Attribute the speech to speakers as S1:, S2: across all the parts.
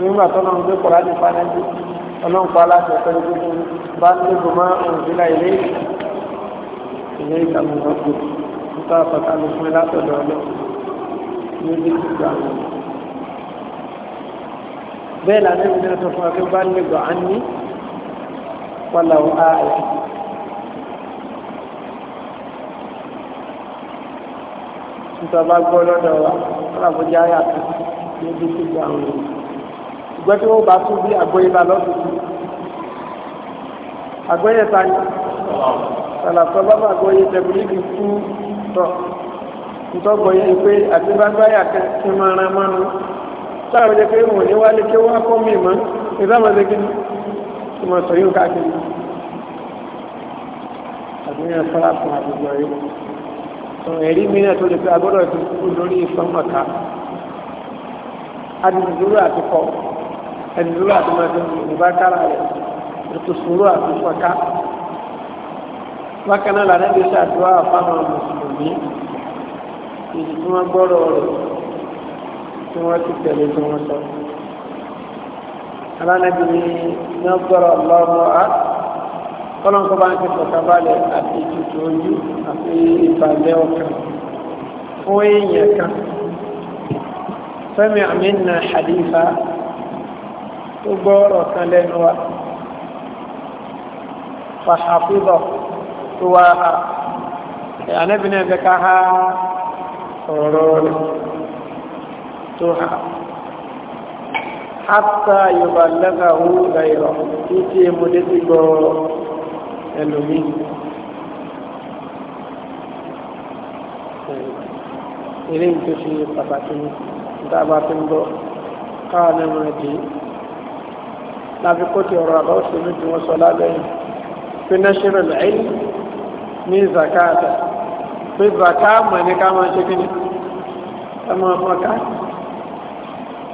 S1: nígbà tó náà ń gbé kọ́ra ní fanẹ́tì ọlọ́run pa aláṣẹ pẹ̀lú gbogbo bá ń lé gbọmọ òǹfilà ilé ilé ìtàwọn ọkọ nípa àpàtàlù fún ẹ látọ̀dọ̀ ọlọ́run ní bí gbogbo àwọn bẹ́ẹ̀ lànà ìwé náà sọ fún wa pé bá ń lé gbọ̀ á ní wàlàwọ̀ ààyè nítorí bá gbọ́ lọ́dọ̀ wa wọ́n àbójá yàtọ̀ ní bí gbogbo àwọn ṣùgbọ́n tí wọ́n bá tún bí àgbọ́yé bá lọ́dún sí àgbọ́yé ta ni sàlàsọ bá bá gbọ́yé tẹ̀bílíkì fún tọ̀ ntọ́gbọ̀yé pé àti bá gbáyà kan kí máa ran mọ́nu láàrin jẹ́ pé wọ́n ní wálé kí wọ́n á kọ́ mi mọ́ ìdámọ̀dé kí ni mo sọ yóò káàkiri àdúyàn sọ́lá fún àdúgbò yìí sọ ẹ̀rí mìíràn tó lè fi agbọ́dọ̀ ti kú lórí ìsọ́mọ̀ká adìmọ̀dúró àti kọ́ ẹni lórí àtúmọ̀tò ìbákàrà rẹ̀ ètò sùúrù àti ìfọ̀ká. bákan náà lànà ìgbésẹ̀ àdúrà fáwọn mùsùlùmí ìdí tí wọ́n gbọ́rọ̀ rẹ̀ tí wọ́n ti tẹ̀lé tí wọ́n sọ. alánàbí ni iná gbọ́rọ̀ lọ́wọ́ á kọ́lọ́n kọ́ bá ń kẹ́kọ̀ọ́ kábàlẹ̀ àti ìtutù ojú àti ìbàlẹ̀ ọkàn fún èèyàn kan. sẹ́mi àmì ń na àdìfà tó gbọ́ ọ̀rọ̀ kan lẹ́nu wa fàṣàfihàn tó wá ha ànẹ́bìnrin ẹ̀fẹ́ ká ha ọ̀rọ̀ rẹ̀ tó ha hátà yorùbá lẹ́gbà owó ìrọ̀ tí tí èmú dé ti gbọ́ ẹlòmí eré tó ṣe pàtàkì dábàá tó ń bọ́ káà lẹ́nu ẹ̀dẹ́ láti kó ti ọ̀rọ̀ àbá òṣèlú tí wọ́n sọ lábẹ́yìn pé national ẹ̀yìn ní zakata pé zaka mọ̀ ní ká máa ṣe kíni ẹ máa mọ̀ ká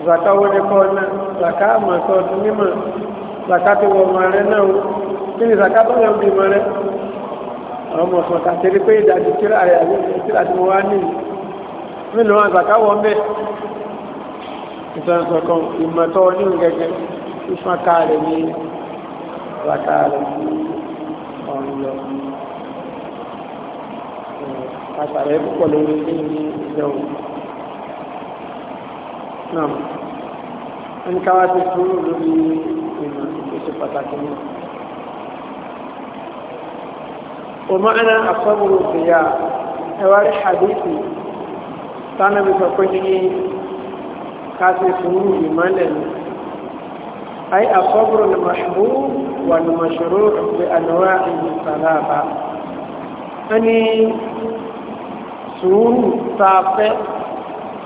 S1: zaka wo ni kọ́ náà zaka mọ̀ sọ ọdún mímọ̀ zaka ti wọ̀ ọmọ rẹ náà kí ni zaka tó yẹ bí ọmọ rẹ àwọn ọmọ sọ kàtẹ́rí pé ìdájú kíra rẹ àbí kíra tí mo wá nìyí mí lọ́wọ́ zaka wọ̀ ń bẹ̀ ìtàn sọ̀kan ìmọ̀tọ́ oníhùn gẹ́gẹ́ sísan káàrẹ̀ ní bàtà
S2: rẹ̀ sí ọ̀run lọ. àṣàrẹ̀ púpọ̀
S1: lórí ilé ní ìjọ náà ẹni káwá ti kúrò lórí ìmọ̀ ìpèsè pàtàkì náà. ومعنى الصبر الضياء حوار حديثي كان بفقده كاسي سنوه مالا أي الصبر المحبوب والمشروع بأنواعه الثلاثة أني سورو تافه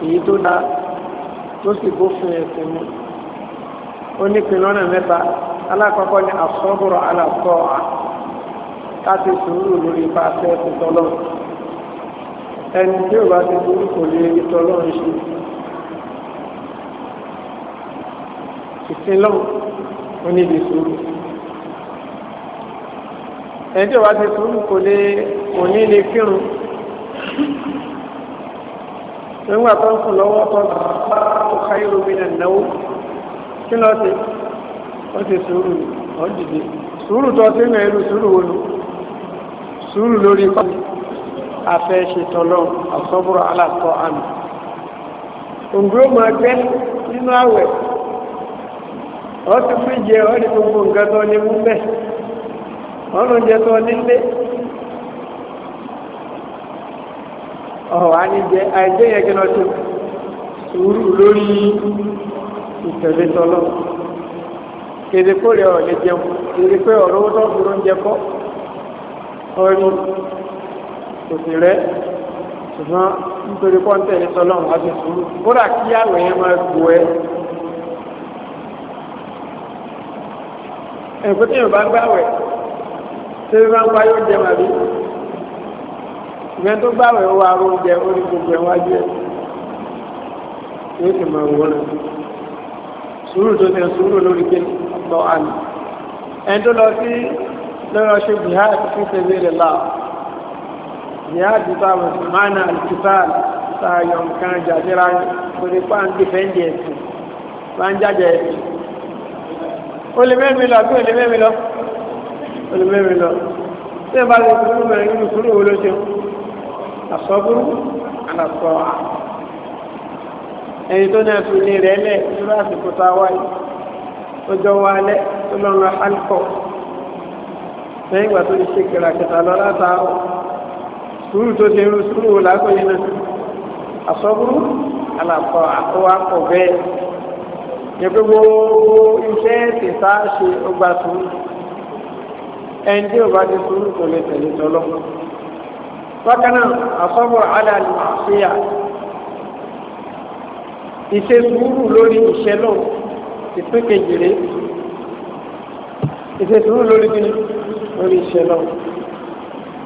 S1: يدنا تسيبو في سمو أني كلنا متى alákọ̀ọ́kọ́ ni àsọ́bùrọ̀ alákọ̀ọ́à káti sùúrù lórí bá fẹ́ ti tọ́lọ́ ẹni tí ó bá ti sùúrù kò lè rí tọ́lọ́ ṣe ìsìn lọ́wọ́ wọn níbi sùúrù ẹni tí wàá ti sùúrù kò lè kò ní lè kírun nígbà tó ń sùn lọ́wọ́ tó ń káyọ̀ omi náà náwó kí lọ́ọ́ ṣe wọ́n ti sùúrù ọ̀ dìde sùúrù tó ti ń rìn irú sùúrù wo sùúrù lórí pàmì afẹ́ ṣetọ́lọ́ àsọ́bùrọ̀ alàtọ̀ àmì òǹgbò máa gbẹ́ nínú àwẹ̀ wọ́n ti fi jẹ ọ́ ní gbogbo nǹkan tó ní mú bẹ́ẹ̀ wọ́n ló ń jẹ tó nílé ọ̀hún á ní jẹ àìjẹ́ yẹn kí wọ́n ti sùúrù lórí
S2: ìtẹ̀lé tọ́lọ́
S1: kéde kó rẹ̀ ọ̀lẹ́ jẹun kéde pé ọ̀rọ̀ owó tó burú ń jẹ kọ́ ọ̀rọ̀ kò sì rẹ̀ ṣùgbọ́n nítorí pọ́ńtẹ̀ ní tọ́lọ́ àti sùúrù kódà kí àwẹ̀ yẹn máa gbò ẹ́ ẹ̀kọ́ tí yóò bá gbáwẹ̀ tí ó bá ń pa yóò jẹun àbí ìgbẹ́ tó gbáwẹ̀ ó wà aró oúnjẹ ó ní gbogbo ẹ̀wájú ẹ̀ yóò sì máa wọ́n rẹ̀ sùúrù tó tẹ̀ sùúrù lórí pé lọ àmì ẹni tó lọ sí lọ́rọ̀ ṣe jihad fi tẹ̀lé rẹ̀ láà jihad bá wọn sì máa na alkitab sáà yọ̀ nǹkan jàdíra kò ní pa ẹ̀sìn máa ẹ̀sìn o lè mẹ́rin lọ àbí o lè mẹ́rin lọ o lè mẹ́rin lọ tí ẹ bá lè kúrú mẹ́rin nínú kúrú owó ló ṣe àsọ́búrú àlàsọ́ ẹni tó náà fi ní rẹ̀ lẹ̀ nígbà àsìkò tá a wáyé tó jọ wá lẹ̀ tó lọ ra alkọ̀ lẹ́yìn ìgbà tó ti ṣe kìràkìtà lọ látàárọ̀ sùúrù tó ṣe ń sùúrù làákòyè náà àsọ́búrú àlàsọ́ àkọ́wà kọ̀ bẹ́ẹ̀ yẹpẹ gbogbo iṣẹ́ tìta ṣe ọgbà sùúrù ẹni tí ọba ti sùúrù kò lè tẹ̀lé tọ́lọ́ bákan náà àsọ́bọ̀ aláàlú àṣeyà ìṣe sùúrù lórí ìṣẹ́ náà ìpín kejì rèé ìṣe sùúrù lórí kí ni lórí ìṣẹ́ náà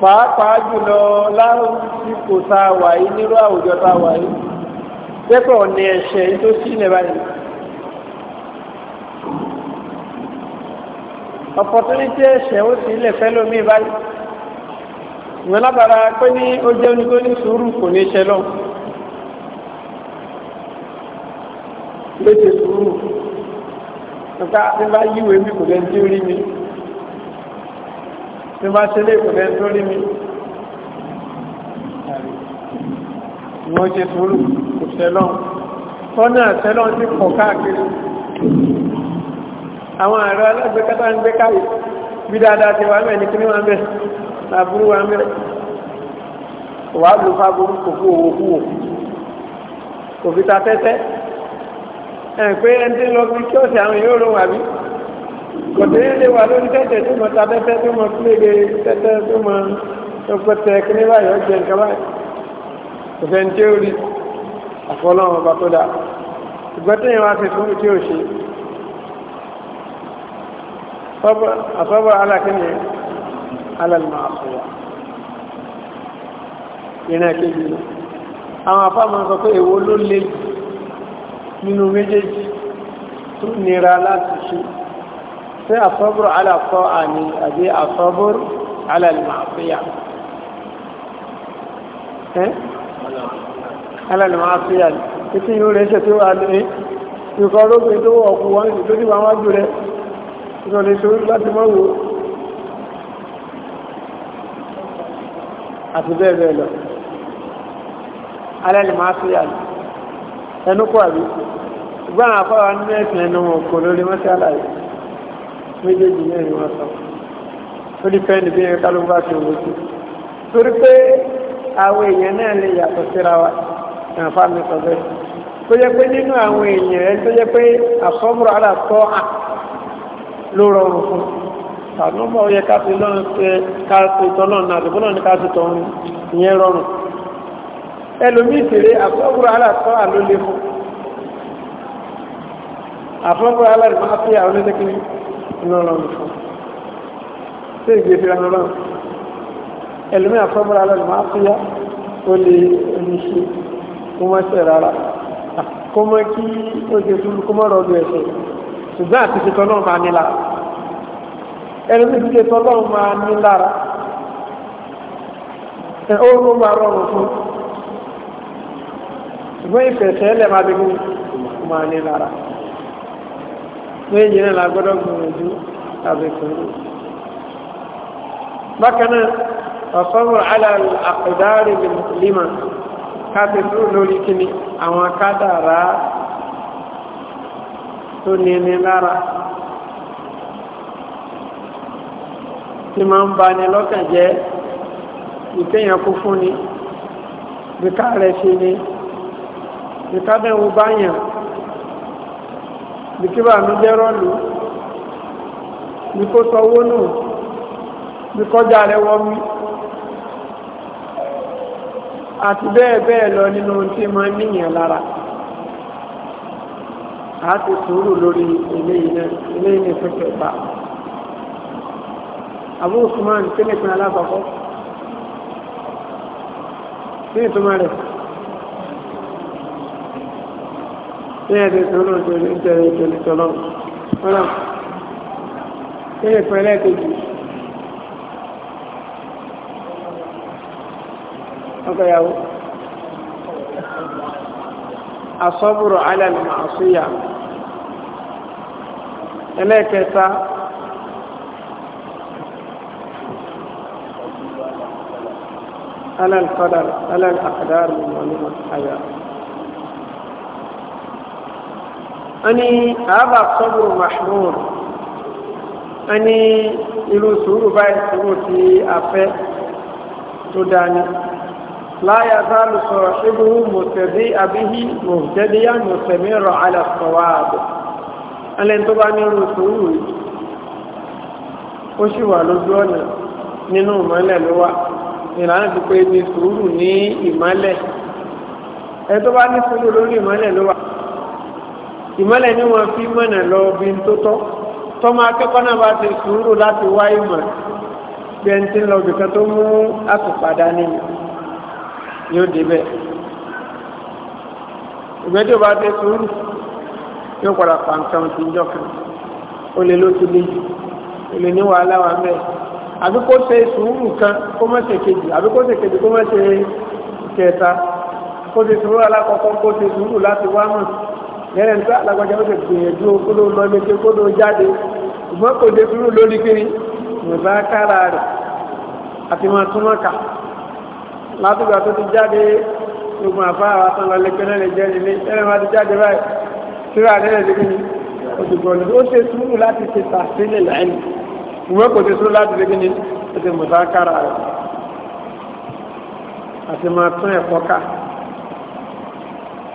S1: pàápàá jùlọ lásìkò tá a wà yìí nírú àwùjọ tá a wà yìí pẹ́pọ̀ ní ẹ̀ṣẹ̀ tó sí ilẹ̀ báyìí opportunity ẹ̀ṣẹ̀ ó sì lè fẹ́ lómi báyìí ìwọ̀n lábàrá pé ní ó jẹ́ oníkó ní sùúrù kò ní ṣe lọ léṣe sùúrù nípa tí bá yíwèé mi kò lẹ́ni tí ó rí mi tí bá ṣe lé kò lẹ́ni tó rí mi ìwọ̀n ṣe sùúrù kò ṣẹlọ́n tọ́nà ṣẹlọ́n ti pọ̀ káàkiri àwọn ààrẹ alágbèkátà ń gbé káwì bí dáadáa ti wà mẹ́rin kí ní wà mẹ́ àbúrú wà mẹ́ wà á lò fáburú kò fún owó kú wò kò fi ta tẹ́tẹ́ ẹ̀ pé ẹni tí ń lọ fi kí ọ̀sẹ̀ àwọn yóò lóhùn àbí kòtẹ́yìn lè wà lórí tẹ́tẹ́ tó mọ ta tẹ́tẹ́ tó mọ kílèdè tẹ́tẹ́ tó mọ ọgbẹ́tẹ́ kíní báyìí ọjọ́ nǹkan báyìí kò fẹ́ ní tí ó rí àfọlọ́wọn ọba tó dáa ìgbẹ́tẹ́yìn wá fi fún tí ó ṣe asọ́bọ̀ alákẹ́ni alàlùmọ̀ àṣọwà ìrìn àkejì lọ àwọn afáàmà sọ pé èwo ló lè nínú méjèèjì tó nira láti ṣe sí asọ́bọ̀ alàkọ́ àní àbí asọ́bọ̀ alàlùmọ̀ àṣọyà alàlùmọ̀ àṣọyà títí yóò rẹ̀ ṣe tí ó wà ní ìkọ̀ọ́rọ́gbẹ̀ tó wọ̀ ọkùnrin tó ní wà wájú rẹ̀ ìrọ̀lẹ́ ìṣòro láti máa wò àti bẹ́ẹ̀ lọ alẹ́ máa fi àlè ẹnu kọ́ àbí ìgbàràn àkọ́wà nínú ẹ̀sìn ẹnu wọn lórí mọ́sálà yìí méjèèjì náà wọ́n sọ ó ní fẹ́ẹ́ níbi ẹ̀ka ló bá ṣe torí pé àwọn èèyàn náà lè yàtọ̀ síra wa ìrànfà mi sọ tó yẹ pé nínú àwọn èèyàn ẹ tó yẹ pé àfọ́mùrọ̀ ló rọrùn fún tàbí ọmọ ọyẹ káfí lọ́rùn pé káfí tọ́lọ́run náà àdìbò náà ní káfí tọ́run ìyẹn rọrùn ẹlòmí ìtèrè àfọ́bùrọ̀ alàtọ́ àlólé fún àfọ́bùrọ̀ alàrí máa fi àwọn onídẹ́kiri lọ́rọ̀rùn fún sí ìgbé fi rọrùn ẹlòmí àfọ́bùrọ̀ alàrí máa fi yá ó lè oníṣe kó mọ́ ṣe rárá kó mọ́ kí ó ṣe túnú kó mọ́ rọ̀dù ẹ̀ṣẹ̀ ṣùgbọ́n àti ṣe tọ́lọ́run máa nílá ẹni tó dìde tọ́lọ́run máa ní lára oorun máa rọrùn fún ṣùgbọ́n ìfẹ̀sẹ̀ ẹlẹ́ máa bí máa ní lára méjì náà la gbọ́dọ̀ gbìyànjú tàbí kúrú bákan náà ọ̀sọ́rọ̀ aláàlú ka lima káfí dúró lórí kíni àwọn kádàrá tó ní ní lára tí máa ń ba ni lọ́kàn jẹ́ ìkéyàn kú fún ni bíká rẹ̀ ṣe ni bíká bẹ́ẹ̀wò báyàn bíkíbà mi jẹ́ rọ́ọ̀lù bíkó sọ owó nù bíkọjá rẹ̀ wọ́n mi àti bẹ́ẹ̀ bẹ́ẹ̀ lọ nínú tí máa ń níyàn lára a ti sùúrù lórí eléyìí náà eléyìí ní pípẹ́ báà. أبو عثمان كم يكون على فقط في يكون في فقط في يكون في فقط في يكون في فقط الصبر على المعصية إليك تأخذ على القدر على الأقدار المعلومة الحياة أني هذا الصبر محمود أني إلو سورو باي سورو تي أفي تداني لا يزال صاحبه متبيع به مهتديا مستمر على الصواب ألين تبعني الرسول وشوى لجوانا ننو مالا لواء ìlànà ti pé ní sùúrù ní ìmọ́lẹ̀ ẹ tó bá ní sùúrù lórí ìmọ́lẹ̀ ló wà ìmọ́lẹ̀ ni wọ́n fi mọ̀nà lọ bí n tó tọ́ tọ́mọ akẹ́kọ̀ọ́ náà bá ti sùúrù láti wá ìmọ̀ bí ẹni tí ń lọ bìkan tó mú àtùpàdá ní yóò débẹ̀ ìgbẹ́jọ́ bá ti sùúrù yóò padà pàǹkan tí ń jọ kan ó lè ló ti lè ó lè ní wàhálà wa mẹ́rin àbí kó ṣe sùúrù kan kó má ṣe kejì àbí kó ṣe kejì kó má ṣe kẹta kó ṣe sùúrù alákọ̀ọ́kọ́ kó ṣe sùúrù láti wá mọ̀ yẹn ní alágbájá ó ṣe gbìyànjú kó ló lọ ní kó ló jáde ṣùgbọ́n kò dé sùúrù lórí kiri ìgbà kára rẹ̀ àti máa túmọ̀ kà látìgbà tó ti jáde gbogbo àfáà àtàn lọ lẹ́kẹ́ náà lè jẹ́ nílé ẹ̀rẹ́ máa ti jáde báyìí síra nílẹ̀ lórí òdìgbọ̀n ó ṣe sùúrù láti ṣe tàṣílẹ̀ láìní ìwé kò ti sún láti lé kíni ó ti mọ̀ sákàrà rẹ̀ àti máa tún ẹ̀kọ́ ká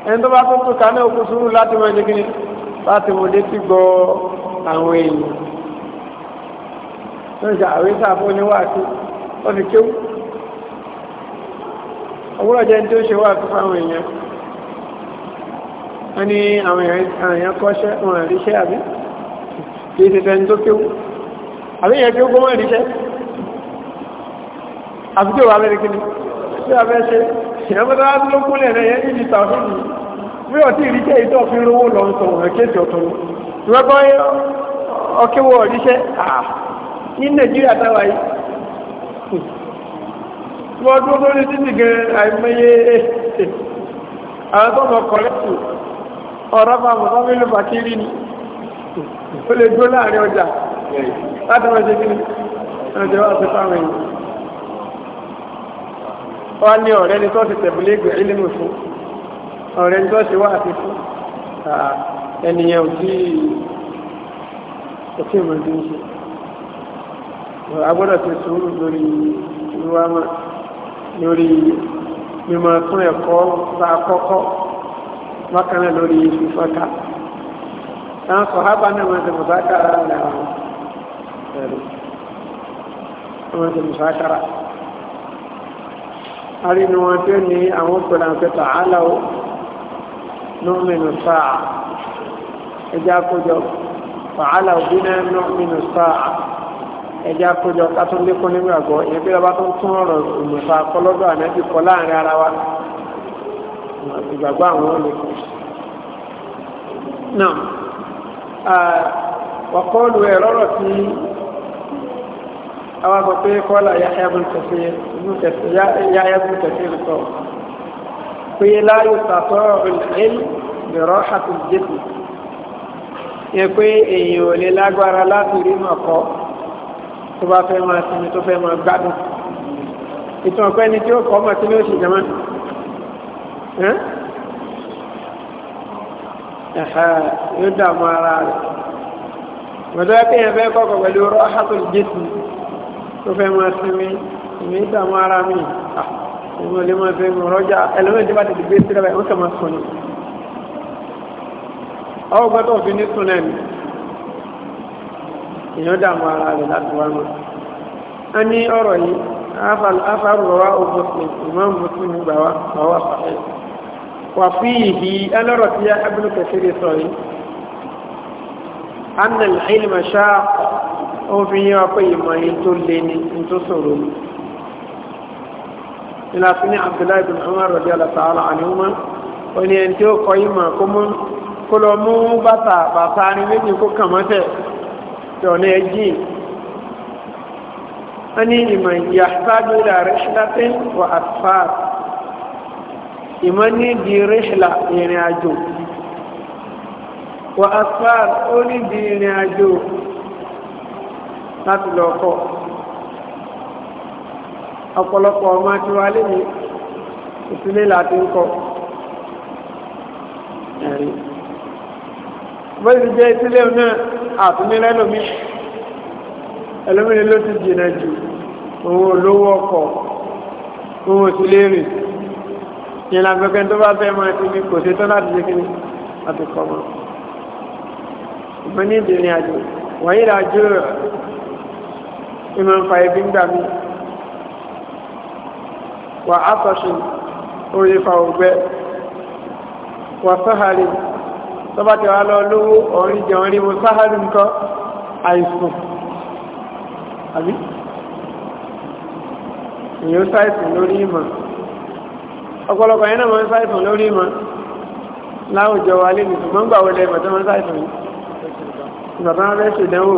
S1: ẹni tó bá tó tó ká náà ó kó sùúrù láti mọ̀ lé kíni láti mọ̀ létí gbọ́ àwọn èèyàn tó ń ṣe àwé sáfó níwáàsí ó fi kéwú òwúrọ̀ jẹ́ tó ṣe wà fún àwọn èèyàn wọ́n ní àwọn èèyàn kọ́ṣẹ́ wọn àríṣẹ́ àbí kìí ṣe tẹni tó kéwú àbíyàn tí ó gbọ́mọ̀ ìrìṣẹ́ àbújọ́ wà mẹ́rin kíni tí a fẹ́ ṣe ìyàmọ́ta láti ló kúnlẹ̀ rẹ̀ yẹn ní ìta fún mi bí ọtí ìrìṣẹ́ ìtọ́ fi rówó lọ sọ ọ̀rẹ́ kéèsì ọ̀tún ìwẹ́gbọ́n ọkẹ́wọ̀ ìrìṣẹ́ ní nàìjíríà táwa yìí wọ́n tó lórí títì gan àìmọye eh, eh, àwọn tó mọ̀ kọ̀lẹ́tù ọ̀rọ̀ bá mọ̀ fọ́mílù bàkírí ni ó lè dúró láàrin ọjà láti wọ́n ṣe kí ọjọ́ wá sí fáwọn èèyàn wọ́n ní ọ̀rẹ́ ni tó ti tẹ̀bùlé ìgbẹ̀ ìlímù fún ọ̀rẹ́ ni tó ti wá àti fún ẹnìyàn òjì òkè ìmọ̀lẹ́ ń ṣe agbọ́dọ̀ ti sùúrù lórí ìwámọ̀ lórí mímọ̀ tún ẹ̀kọ́ bá kọ́kọ́ bákan náà lórí fífọ́ká àwọn sọ̀hábà náà máa ń tẹ̀bùbá kára náà wọ́n ti mùsákàrà arínú wọn tí ó ní àwọn pẹ̀lú àpẹta aláwọ̀ nọ́ọ̀mìnù sáà ẹjá kójọ fàálà òbí náà nọ́ọ̀mìnù sáà ẹjá kójọ kátólíkọ́ nígbàgbọ́ ìyẹn bí ọba tó ń tún ọ̀rọ̀ ìmọ̀ta kọlọ́dọ̀ ànábì kọ láàrin ara wa ìgbàgbọ́ àwọn olùkọ́ náà wọ́kọ́ọ̀lù ẹ̀rọ̀rọ̀ tí àwọn àgbà pé kọ́lá Yahya ibn Kathir sọ pé láyé sàtọ́ ìlú bẹ̀rọ̀ àti jésù yẹ pé èèyàn ò lè lágbára láti rí mọ̀kọ́ tó bá fẹ́ máa sinmi tó fẹ́ máa gbádùn ìtàn ọ̀pẹ́ ni tí ó kọ́ mọ̀ sí ní oṣù jẹ́mọ́ ẹ̀hà yóò dààmú ara rẹ̀ mọ̀tọ́ ẹ pé yẹn fẹ́ pẹ̀lú rọ́hàtò jésù tó fẹ́ máa sinmi ìmí ìdààmú ara mi ìmọ̀ lè máa sinmi rọ́jà ẹlẹ́mẹ̀ tí bá ti gbé sílẹ̀ báyìí ó kà máa sùn ni. ọwọ́ gbọ́dọ̀ fi ní sùn náà ni èèyàn dààmú ara rẹ̀ láti wá mọ́. a ní ọ̀rọ̀ yìí afárùrọ̀wá o muslim imam muslim gbà wá àwọn àfàṣẹ. wà fi ìhì ẹlọ́rọ̀ tí abúlé kẹsìrì sọ yìí. annal ilma ó fi yín wá pé ìmọ̀ yín tó lé ní ní tó sọ̀rọ̀ ní. ìlà fún ní abdullahi bin umar radiyallahu ta'ala anhuma ó ní ẹni tí ó kọ ìmọ̀ kó mú kó lọ mú bàtà bàtà ní méjì kó kàn mọ́tẹ̀ tó ní ẹjì. ó ní ìmọ̀ ìyá sáájú ìlà rihlatin wa asfar ìmọ̀ ní di rihla ìrìn àjò wa asfar ó ní di ìrìn àjò láti lọ kọ́ ọ̀pọ̀lọpọ̀ ọmọ tí wà lè ní ìsílé láti ń kọ́ ẹ̀rí bóyí jẹ́ ìsílé náà àtúnilẹ́ lómi ẹlómìnir ló ti jìnà jù òun olówó ọkọ̀ òun òsílé rìn ìyẹn àgbẹ̀kẹ́ tó bá fẹ́ máa ti ní kò sí tọ́ láti jẹ́ kíní àti kọ́ mọ́ ìmọ̀ ní ìdìrin àjò wọ̀nyí ìdájọ́ ìmọ̀ ń fa ibi ń gbà mí wà átọ̀ṣin orí fa ògbẹ́ wà sáhàrì tọ́bàtí wà lọ lówó ọ̀rin jẹun rí mo sáhàrì nǹkan àìsùn àbí èyàn sáìsùn lórí ìmọ̀ ọ̀pọ̀lọpọ̀ yẹn náà mọ́ sáìsùn lórí ìmọ̀ láwùjọ wa lè nìtùmọ́ ń gbà wọlé ìmọ̀ tó mọ́ sáìsùn yìí ìgbà tó ṣèdánwò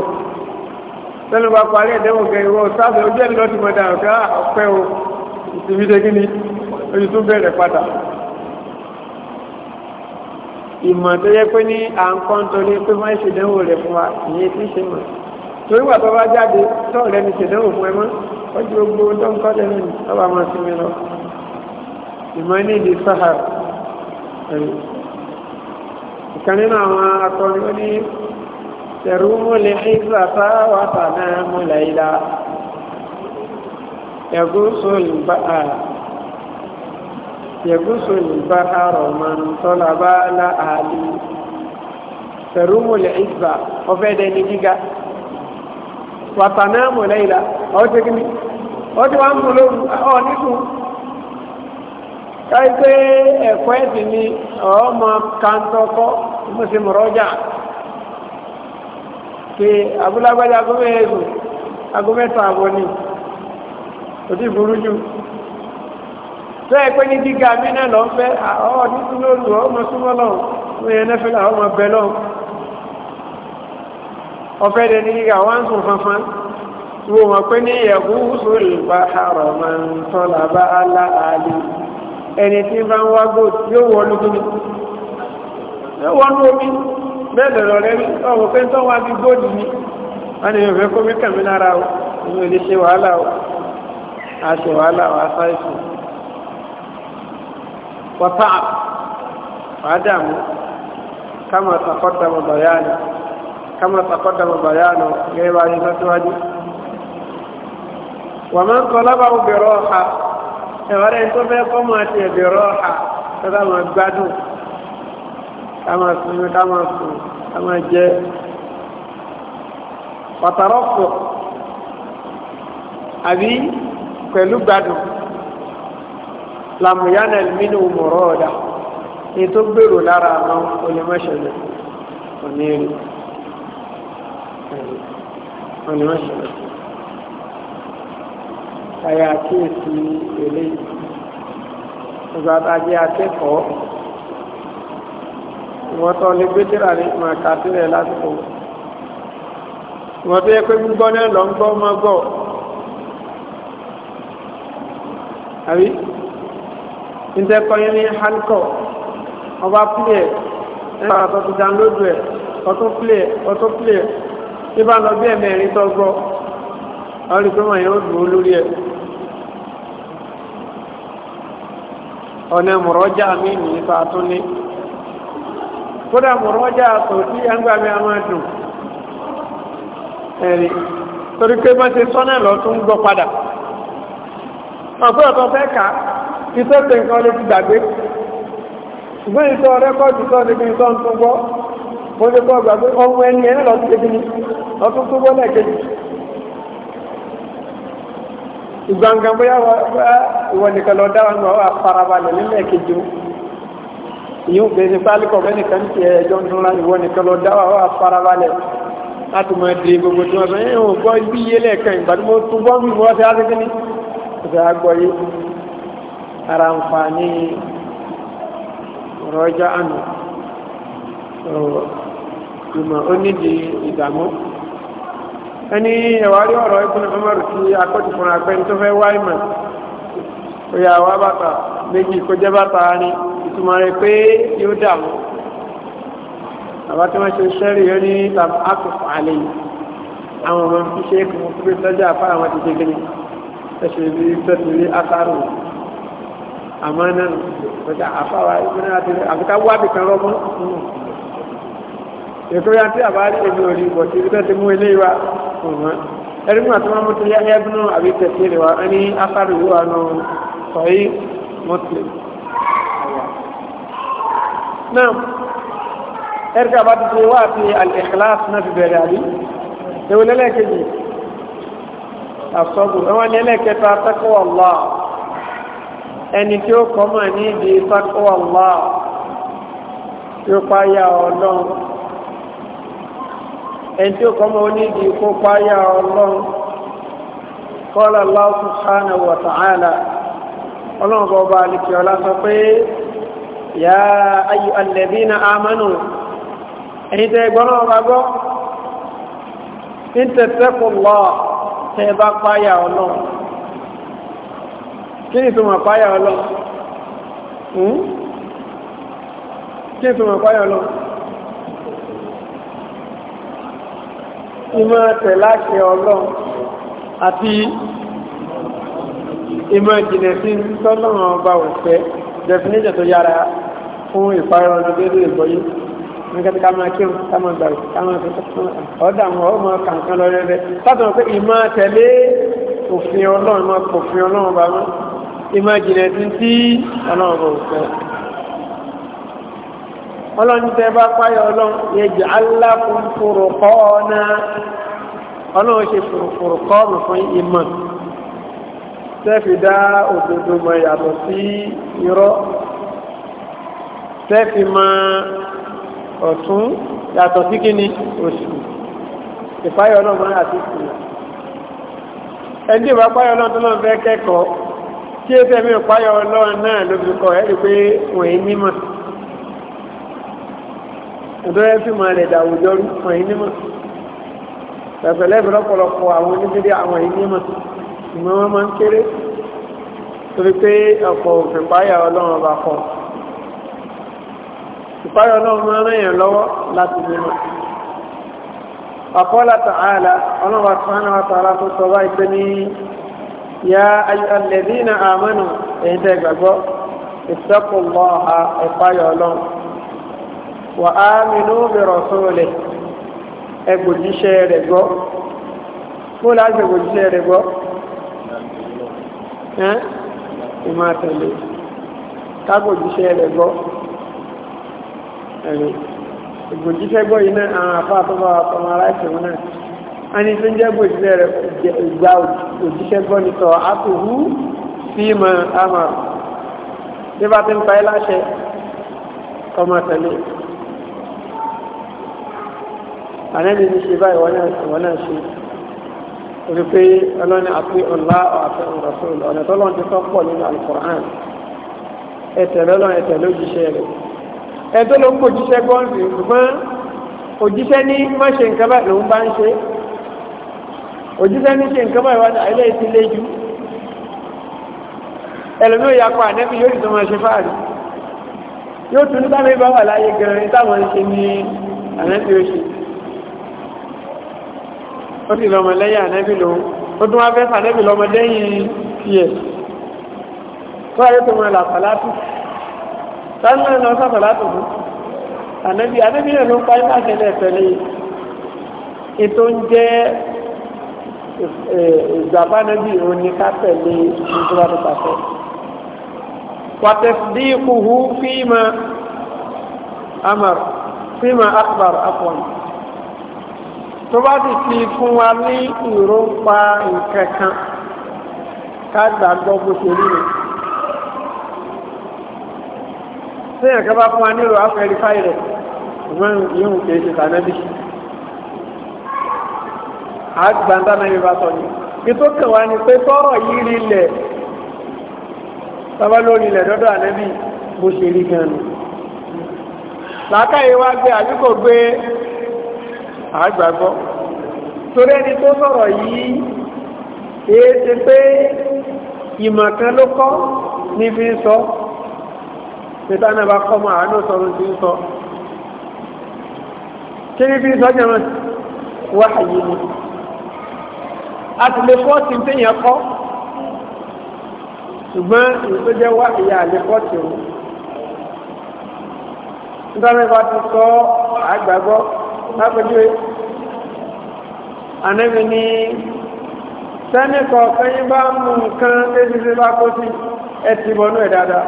S1: lẹ́nu bá parí ẹ̀dẹ́wọ̀n kẹ ìwọ sáfẹ́ ojú ẹ̀lọ́ ti mọ̀dá ah, ọ̀ká ọ̀pẹ́ o ìsinmi dé kíni ojú tó bẹ̀rẹ̀ padà ìmọ̀ tó yẹ pé ní à ń kọ́ ń torí pé wọ́n ṣèdánwò rẹ̀ fún wa ìyẹn tí ṣe mọ̀ torí wà tó bá jáde tó rẹ̀ ní ṣèdánwò fún ẹ mọ́ ọjọ́ gbogbo tó ń kọ́ tẹ́lẹ̀ ní ọba máa sinmi lọ ìmọ̀ ní ìdí sáhà ìkan nínú àwọn akọrin ó ní تروم الحزة وتنام ليلا يغوص البحر يغوص البحر من طلب لأهلي تروم العزة وفيد نجيكا وتنام ليلا أو تكني أو تقام أو نسو káyipé ẹ̀kọ́ ẹ̀sìn ni ọmọ kàńtọ́kọ́ mọ̀sẹ̀mọ̀rọ́jà pé abúlágbájá agomẹ́ẹ̀ẹ́gùn agomẹ́ta àbọ̀ ni kò sí burú jù tó ẹ pé ní gíga mi náà lọ fẹ́ ọ̀ nínú lóru ọmọ súnmọ́ lọ wọ́n yẹn nẹ́fẹ́ làwọn ọmọ bẹ lọ ọfẹ́ dẹ ní gíga wọ́n ń sùn fanfan wọ́n mọ̀ pé ní ìyẹ̀kú sùn ìgbà àrọ̀ máa ń tọ́lá bá alá àlè ẹni tí bá ń wá gbòd yóò wọnú kí yóò wọnú omi bẹ́ẹ̀ lọ̀rọ̀ rẹ̀ rí ọ̀rọ̀ pé tó wá bí góòdì ní wọ́n ni ìrọ̀fẹ́ kó mí kàmí lára o ìwọ̀n lè ṣe wàhálà o a ṣe wàhálà o a sáìsùn wọ́pá àdàmú kama takọ́ta gẹ́gẹ́ bá yí káma sinmi káma sùn káma jẹ pàtàrọ́pọ̀ àbí pẹ̀lú gbádùn làmúyánà mínú mọ̀rọ̀ ọ̀dà ní tó gbèrò lára àwọn olùmọ̀ṣẹ̀lẹ̀ òní rí olùmọ̀ṣẹ̀lẹ̀ àyà àkíyèsí eléyìí ìgbà tá a wọ́n tọ́ lé gbé tíra ní máa kà sílẹ̀ lásìkò wọ́n tó yẹ pé gbígbọ́ náà lọ ń gbọ́ mọ́ gbọ́ àbí ìtẹ́kọ̀yẹ́ ní hankọ́ ọba pílẹ̀ ẹ̀ka àtọ́tù dánlódù ẹ̀ ọtún pílẹ̀ ọtún pílẹ̀ tí bá lọ bí ẹ̀mẹ́rin tó gbọ́ ọrí pé wọ́n yóò dùn lórí ẹ̀ ọ̀nà mọ̀rọ́jà mí nìyí tó a tún ní kódà mọ̀rọ́jà sòtí àgbàmí àmàdù ẹ̀rí torí pé bá ṣe sọ́nà lọ tún gbọ́ padà ọ̀pọ̀ ọ̀tọ̀ fẹ́ kà kí tó tẹ nǹkan lè ti gbàgbé ṣùgbọ́n ìtọ́ rẹ́kọ́ọ̀dù tó ní bíi tọ́n tún gbọ́ ó lè kọ́ gbàgbé ọmọ ẹni ẹni lọ tún ní lọ́tún tún gbọ́ lẹ́ẹ̀kejì ìgbàǹgàn bóyá ìwọ nìkan lọ dára nù ọ nílẹ̀ kejì ìyóò bèèrè pálíkọ̀ mẹ́nìkan tí ẹjọ́ ń dúnra ìwọ nìkan lọ dáwà wà farabalẹ̀ láti mọ̀ ẹ̀dẹ̀ gbogbo tí wọ́n fẹ́ yẹn ò gbọ́ ibi iye lẹ́ẹ̀kan ìgbàdí mo tún gbọ́ mi wọ́n ṣe áṣẹ́ kíní ìfẹ́ àgbọ̀ yìí ara ń fa ní rọ́jà àná ìmọ̀ ó nídìí ìdààmú ẹni ẹ̀wárí ọ̀rọ̀ ìpínlẹ̀ fọ́mọ́rù tí akọ́tù fúnra pẹ́ni tó fẹ́ wá ìmọ̀ bàtà méjì kó jẹ́ bàtà ni ìtumọ̀ rẹ̀ pé yóò dààmú bàbá tí wọ́n ṣe sẹ́rì yóò ní bàbá àkùkù àlẹ́ yìí àwọn ọmọ fi ṣe é kò fún pé sọ́jà apá àwọn ti ṣe gẹ́gẹ́ ẹ̀ṣẹ̀ ibi tọ́tù rí átàrù àmọ́ náà sọ́jà àfáwà ìgbóná àti àbíká wábì kan rọ́mọ́ ètò ya tí àbá rí èmi ò rí bọ̀ tí náà ẹ̀ríkà bá ti ṣe wá àti al-ikhlas náà fi bẹ̀rẹ̀ àbí ewu lẹ́lẹ́kejì àsọ́gbù ẹwọ́n ní ẹlẹ́kẹta taqwa Allah ẹni tí ó kọ́ mọ̀ ní ìdí taqwa Allah tí ó páyà ọlọ́run ẹni tí ó kọ́ mọ̀ ní ìdí kó páyà ọlọ́run qala Allah subhanahu wa ta'ala ọlọ́run bọ̀ bá alìkẹ́ ọlá sọ pé yá ayò alẹ́bínà àmánù ẹ̀yìn tẹ́ gbọ́nà ọba gbọ́ ní tẹ̀tẹ́kù lọ tẹ́ bá páyà ọlọ́ kí ni tó mọ̀ páyà ọlọ́ hmm? kí ni tó mọ̀ páyà ọlọ́ ìmọ̀ tẹ̀láṣẹ ọlọ́ àti ìmọ̀ ìjìnlẹ̀ sí tọ́lọ́run ọba òfẹ́ definition tó yára fún ìparọ́ ọdún déédéé ìbọyé nígbàtí ká máa kírun ká máa gbàrú ká máa fi kankan lọ rẹ rẹ sátọ̀ pé ìmọ̀ tẹ̀lé òfin ọlọ́run máa pòfin ọlọ́run bá wọn ìmọ̀ jìnà tí ń tí ọlọ́run bò fẹ́. ọlọ́run tẹ bá páyọ̀ ọlọ́run yẹ jẹ́ alákùn fòròkọ́ náà ọlọ́run ṣe fòròkọ́ ọ̀rùn fún ìmọ̀ tẹ́fì dá òdodo mọ̀ yàtọ̀ sí irọ́ tẹ́ẹ̀fì ma ọ̀tún yàtọ̀ sí kí ni òsì ìpáyọ̀ ọlọ́run àti ìsìnà ẹni ìwà páyọ̀ ọlọ́run tó lọ́n fẹ́ kẹ́kọ̀ọ́ tí é tẹ́ẹ̀mí ìpáyọ̀ ọlọ́run náà ló fi kọ̀ ẹ́rì pé wọ́n yí mímọ̀ ìdọ́rẹ́ fi máa rẹ̀ dàwùjọ wọ́n yí mímọ̀ pẹ̀pẹ̀lẹ́ ìfọlọ́pọ̀lọpọ̀ àwọn onídìrí àwọn yí mímọ̀ ìmọ̀ wọn máa ń kéré torí pé ọ̀pọ̀ òfin páyọ̀ ọlọ́run ọba kọ̀ ìpáyọ̀ ọlọ́run máa lọwọ, lọ́wọ́ láti mímọ́ àkọ́lá tààlà ọlọ́run àtúnwánà tó sọ báyìí pé ní ya alẹ́dínà àmọ́nù èyí tẹ́ gbàgbọ́ ìtẹ́kùnmọ́ ha ìpáyọ̀ ọlọ́run wà rẹ̀ gbọ́ ẹ̀rí ìgbòjíṣẹ́ gbọ́ yìí náà àwọn àfáà tó bá wà fọmọ aláìsàn wọn náà a ní tó ń jẹ́ gbòjíṣẹ́ rẹ̀ ìgbà òjíṣẹ́ gbọ́ ni sọ àtòhú sí mọ́ àmà tí bá ti ń pa ẹ́ láṣẹ ọmọ tẹ̀lé ànẹ́bí ní ṣe báyìí wọ́n náà ṣe orí pé ọlọ́ni àti ọ̀la àti ọ̀rọ̀sọ̀rọ̀ ọ̀nà tó lọ́n ti sọ́pọ̀ nínú Al-Qur'an ẹ̀tẹ̀lọ́lọ́ ẹ̀tẹ̀lójíṣẹ́ rẹ̀ ẹ̀tọ́ ló ń kó jíṣẹ́ gọ́ọ̀sì ṣùgbọ́n òjíṣẹ́ ní má ṣe nǹkan báyìí lòun bá ń ṣe òjíṣẹ́ ní ṣe nǹkan báyìí wájú àìlẹ́ ti lé jù ẹlòmí ò yakọ ànẹ́bí yóò tún máa ṣe fáàrí yóò tún nígbà mi bá wà láyé gan-an táwọn ń ṣe ní ànẹ́bí ó ṣe ó sì lọ́mọ lẹ́yìn ànẹ́bí lòun ó tún wá fẹ́ sànẹ́bí lọ́mọ lẹ́yìn tiẹ̀ tó ayé tó máa làpàlá tù sáré lọ sọ̀tọ̀ látò fún ànábì ànábì rẹ̀ ló ń parí láti ẹlẹ́ ẹ̀fẹ́lẹ́ ètò ń jẹ́ ìgbàgbọ́ ànábì òní ká tẹ̀lé nítorí àti pàṣẹ. وتصديقه فيما أمر فيما أخبر عفوا tó bá ti fi fún wa ní ìró ń ká gbàgbọ́ bó ṣe rí rẹ̀ sẹ́yìn kan bá fún wa nílò afẹ́rí fáìlẹ̀ ṣùgbọ́n yóò kèé ṣe sànẹ́bí àgbàǹdà náà yóò bá sọ ní ìtò kẹwà ni pé tọ́rọ̀ yìí rí ilẹ̀ tọ́bá lórí ilẹ̀ dọ́dọ̀ ànẹ́bí bó ṣe rí gan-an làákàyè wá gbé àdúgbò gbé àgbàgbọ́ torí ẹni tó sọ̀rọ̀ yìí èé ṣe pé ìmọ̀ kan ló kọ́ ní fi sọ ṣètò àná bá kọ́ mọ́ àánú sọ̀rọ̀ ti ń sọ kí ni bí sọ́jà mọ́ wá àyè ni a ti lè kọ́ sí téèyàn kọ́ ṣùgbọ́n ìtọ́jẹ́ wá ìyá àlékọ́ tì ó nítorí bá ti sọ àgbàgbọ́ lápẹjúwe ànẹ́mi ni sẹ́nìkọ̀ọ̀kan yín bá mú nǹkan tẹ́sí sí bá kó sí ẹ ti bọ́nú ẹ̀ dáadáa.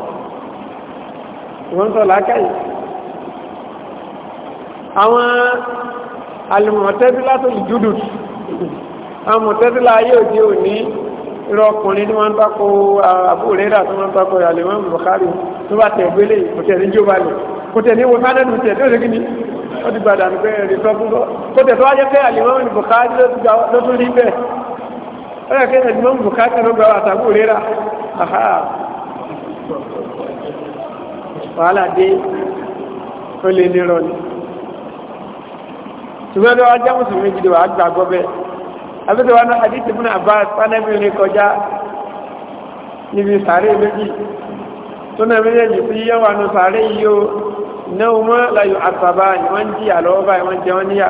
S1: wọ́n tọ́ lákàyè àwọn alùmọ̀tẹ́bílá tó lè dúdù àwọn mọ̀tẹ́bílá ayé òdí òní irọ́ ọkùnrin tí wọ́n ń tako àbú rẹ́dà tí wọ́n ń tako àlèmọ́ bùkárí tó bá tẹ̀ gbélé kò tẹ̀ jó balẹ̀ kò tẹ̀ ní wo tẹ̀ tó lẹ́gí ni ó ti gbàdà ní pẹ́ rí sọ fún lọ kò tẹ̀ tó wájẹ́ pé àlèmọ́ bùkárí ló tún rí bẹ́ẹ̀ ó yẹ kí àlèmọ́ bùkárí ló gbà wà tàbú rẹ́dà wàhálà dé ó lè nírọ̀ ni ṣùgbọ́n bí wọ́n jẹ́ mùsùlùmí gidi wà á gbàgbọ́ bẹ́ẹ̀ abẹ́tẹ̀ wọn náà àdìsí fún àbá pánẹ́bí ní kọjá níbi sàárè méjì tó náà méjèèjì sí yẹ́ wà nù sàárè yìí náà mọ́ láyò àtàbà ni jìyà lọ́wọ́ báyìí wọ́n jẹ́ wọ́n níyà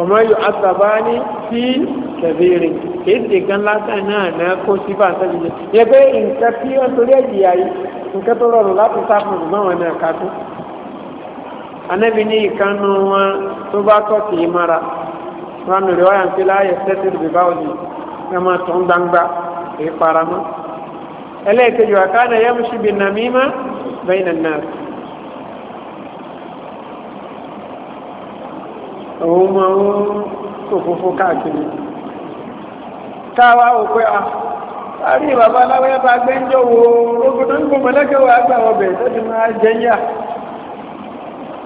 S1: ọmọ yóò àtàbá ní sí kẹbìrin kìí ṣe gan lásán náà náà kó sí bá àtàbí jẹ yẹ pé nǹkan tí ó torí ẹ̀jìyà yìí nǹkan tó rọrùn láti sáfún ṣùgbọ́n wọn náà ká anábì ní ìkànnù wọn tó bá tọ́ sí mara wọn lórí wáyà ń fi láàyè sẹ́tì rẹ̀ bá òjì wọn máa tó ń gbangba èyí paramọ́ ẹlẹ́ẹ̀kejì wà ká náà yẹ́mu ṣì bìnnà mímá bẹ́ẹ̀ náà òun máa ah, ń ṣòfófó káàkiri káwa ò a àrí bàbá aláwẹ́ wo ogun tó ń gbọ́ mọ́lẹ́kẹ̀wọ́ àgbà ọbẹ̀ tó máa jẹ yà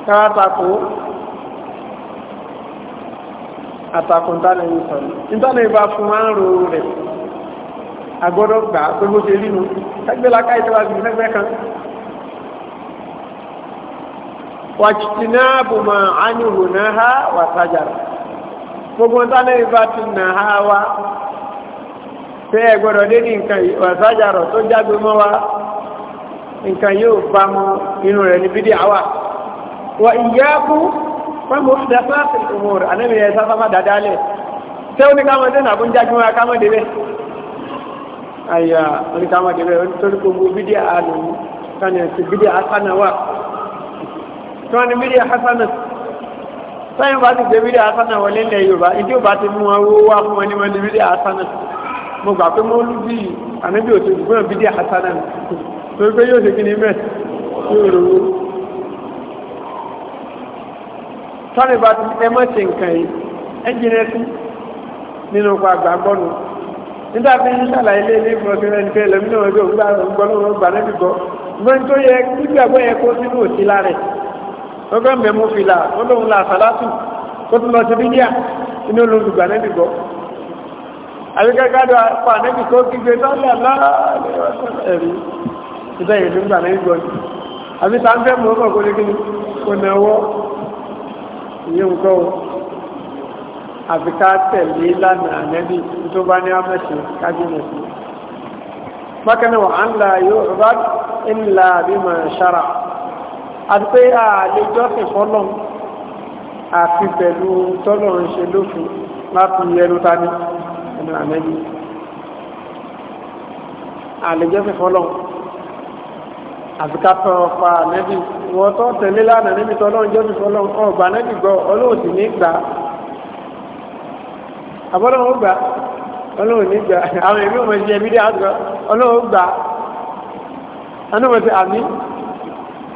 S1: káwa takò àtakò sọ̀rọ̀ bá fún máa ń ro rẹ̀ agbọ́dọ̀ gbà pé ṣe rí nu ẹgbẹ́ wàjìtìnàbù mà ánìhù náà ha wà sájàrà gbogbo ntánà ìfà ti nà ha wa pé ẹgbọ́dọ̀ dé ní nǹkan wà sájàrà tó jágbe mọ́ wa nǹkan yóò bá mọ́ inú rẹ̀ ní bídí àwà wà ìyáàkú pẹ̀lú ìdásá ìmòrò ànẹ́mìyàn sáfáfá dáadáalẹ̀ tẹ́ oníkàmọ́dé nàbún jágbe mọ́ akámọ́dé bẹ́ẹ̀ àyà oníkàmọ́dé bẹ́ẹ̀ onítorí gbogbo bídí àlùmí kan ti bídí àkánáwà tí wọ́n ní mídíà hasana sẹ́yìn bá ti gbé mídíà hasana wọlé ilẹ̀ yorùbá ìdí òbá ti mú wọn owó wá fún wọn ní wọn ní mídíà hasana mo gbà pé mo lù bí ànábì òtò ìgbọ́n mídíà hasana torí pé yóò ṣe kí ni mẹ́ yóò rówó sọ́ni bá ti ẹ mọ́ ṣe nǹkan yìí ẹ jìnà sí nínú ọkọ̀ àgbà gbọ́nu nígbà tí ń ṣàlàyé ilé ilé ìfọ̀sí rẹ̀ nípa ẹlẹ́mìnà ọjọ́ ògbà gbọ́nu ọgbà náà ti gbọ́ gbọ́n tó yẹ gbígbàgbọ́ yẹ kó sínú òsì lára tó kẹ́ mẹ́ mú fìlà tó lóun la àsálátù tó tún lọ sí bídíà inú olùgbà nẹ́bí gbọ́ àríkẹ́kádọ́ pa nẹ́bí tó kígbe sọ́lẹ̀ láàrín ìdá ìlú gbà nẹ́bí gbọ́ ni àbí ta ń fẹ́ mú ọkọ̀ kólé kí ni kò ní ọwọ́ ìyé nǹkọ́ o àfi ká tẹ̀lé lánàá nẹ́bí tó bá ní amẹ́sẹ̀ kájínẹ̀ sí bákan náà wà á ń la yóò rọ́bá ń la bí mà ṣára àti pé ààlè jọ́sìn fọ́lọ́n àti pẹ̀lú tọ́lọ̀ ń ṣe lófin láti ẹnu tani ẹnu àmẹ́bí ààlè jọ́sìn fọ́lọ́n àti kápẹ́ ọ̀pá àmẹ́bí wọ́n tọ́ tẹ̀lé lánàá níbi tọ́lọ́ ń jọ́sìn fọ́lọ́n ọgbà àmẹ́bí gbọ́ ọlọ́run sì ní gbà àbọ́lọ́run gbà ọlọ́run ní gbà àwọn èmi ò mọ̀ ṣe ẹbí dé àgbà ọlọ́run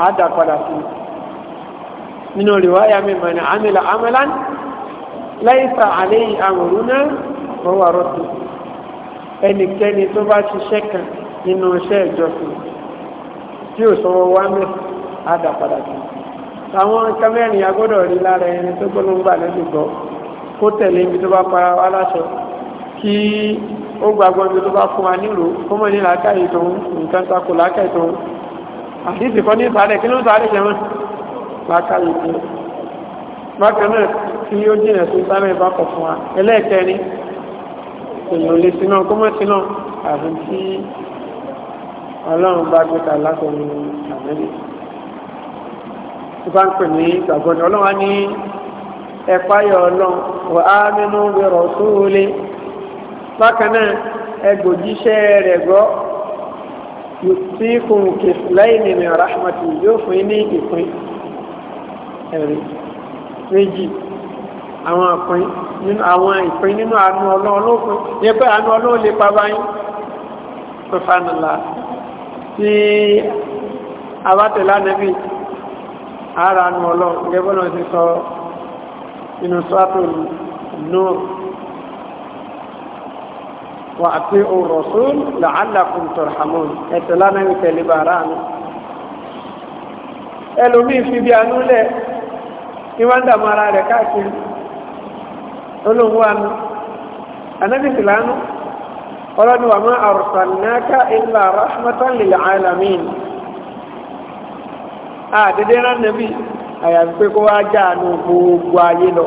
S1: àádà padà sí nínú rìwáyà mímọ̀ ní àmìlà àmìlà láìsà àléyìn àmùrúnà wọ́wà rọ́tù ẹnikẹ́ni tó bá ṣiṣẹ́ kan nínú iṣẹ́ ìjọsìn tí ò sọwọ́ wá mẹ́ àádà padà sí àwọn kẹmẹ́rin agbọ́dọ̀ rí lára ẹni tó gbọ́nà gbà lẹ́nu gbọ́ kó tẹ̀lé ibi tó bá para wá láṣọ kí ó gbàgbọ́ ibi tó bá fún wa nílò kó mọ̀ ní làákàyè tó ń nǹkan takò làákàyè tó ń àdìsí kan ní ìsàlẹ̀ kí ló ń sàárẹ̀ jẹun láká ìpè bákan náà tí ó jìnà sí sáré bá kọ̀ fún wa ẹlẹ́ẹ̀kẹrin èèyàn lè sinú kó mọ́ sinú àfi tí ọlọ́run bá gbé ta látọ̀run àmẹ́lẹ́ tí bá ń pè ní ìgbàgbọ́ ni ọlọ́run á ní ẹ̀páyọ̀ ọlọ́run wà á nínú bẹ̀rọ̀ sóòlé bákan náà ẹgbòjíṣẹ́ rẹ̀ gbọ́ yòtíkùn kìfìláìnì ní rahmatu yóò fún ní ìpín ẹ̀rí méjì àwọn ìpín nínú àwọn ìpín nínú àánú ọlọ́run ló fún yẹ pé àánú ọlọ́run lè pa báyìí pẹ̀fánilá tí abátẹ̀lá nẹ́bí ara àánú ọlọ́run gẹ́gbọ́n náà ti sọ inú sọ́tò náà وأطيعوا الرسول لعلكم ترحمون ẹ̀tọ́lánà ń tẹ̀lé bàárà mi ẹlòmíì fi bí anú lẹ̀ kí wọ́n dàmú ara rẹ̀ káàkiri olóhùn wa nu anábìsì lánàá ma arsalnaka illa rahmatan lil alamin àdédé rán nàbí àyàfi pé kó wá jáàánú gbogbo ayé lọ.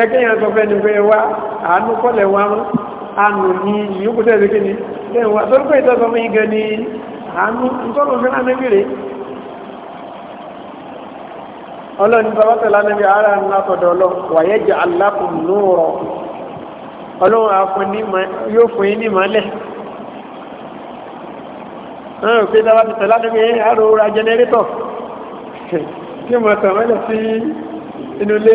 S1: ẹgbẹ́yàn sọ fẹ́ni pé wá àánú kọ́lẹ̀ wá mọ́ àánú ní ìyókù tẹ́lẹ̀ kí ni lẹ́wọ̀n àtọ́lùkọ́ ìtọ́sọ mọ́ ìgẹ́ ni àánú ìtọ́lù fẹ́ lánẹ́bìrẹ́ ọlọ́ni bàbátẹ̀ lánẹ́bì ara látọ̀dọ̀ ọlọ́ wàyẹ́ jẹ́ alákùn lóòrọ̀ ọlọ́run yóò fún yín ní mọ́lẹ̀ ọ̀rọ̀ pé bàbátẹ̀ lánẹ́bì arò ra jẹnẹrétọ̀ kí mọ̀ tọ̀mọ́lẹ̀ sí inú ilé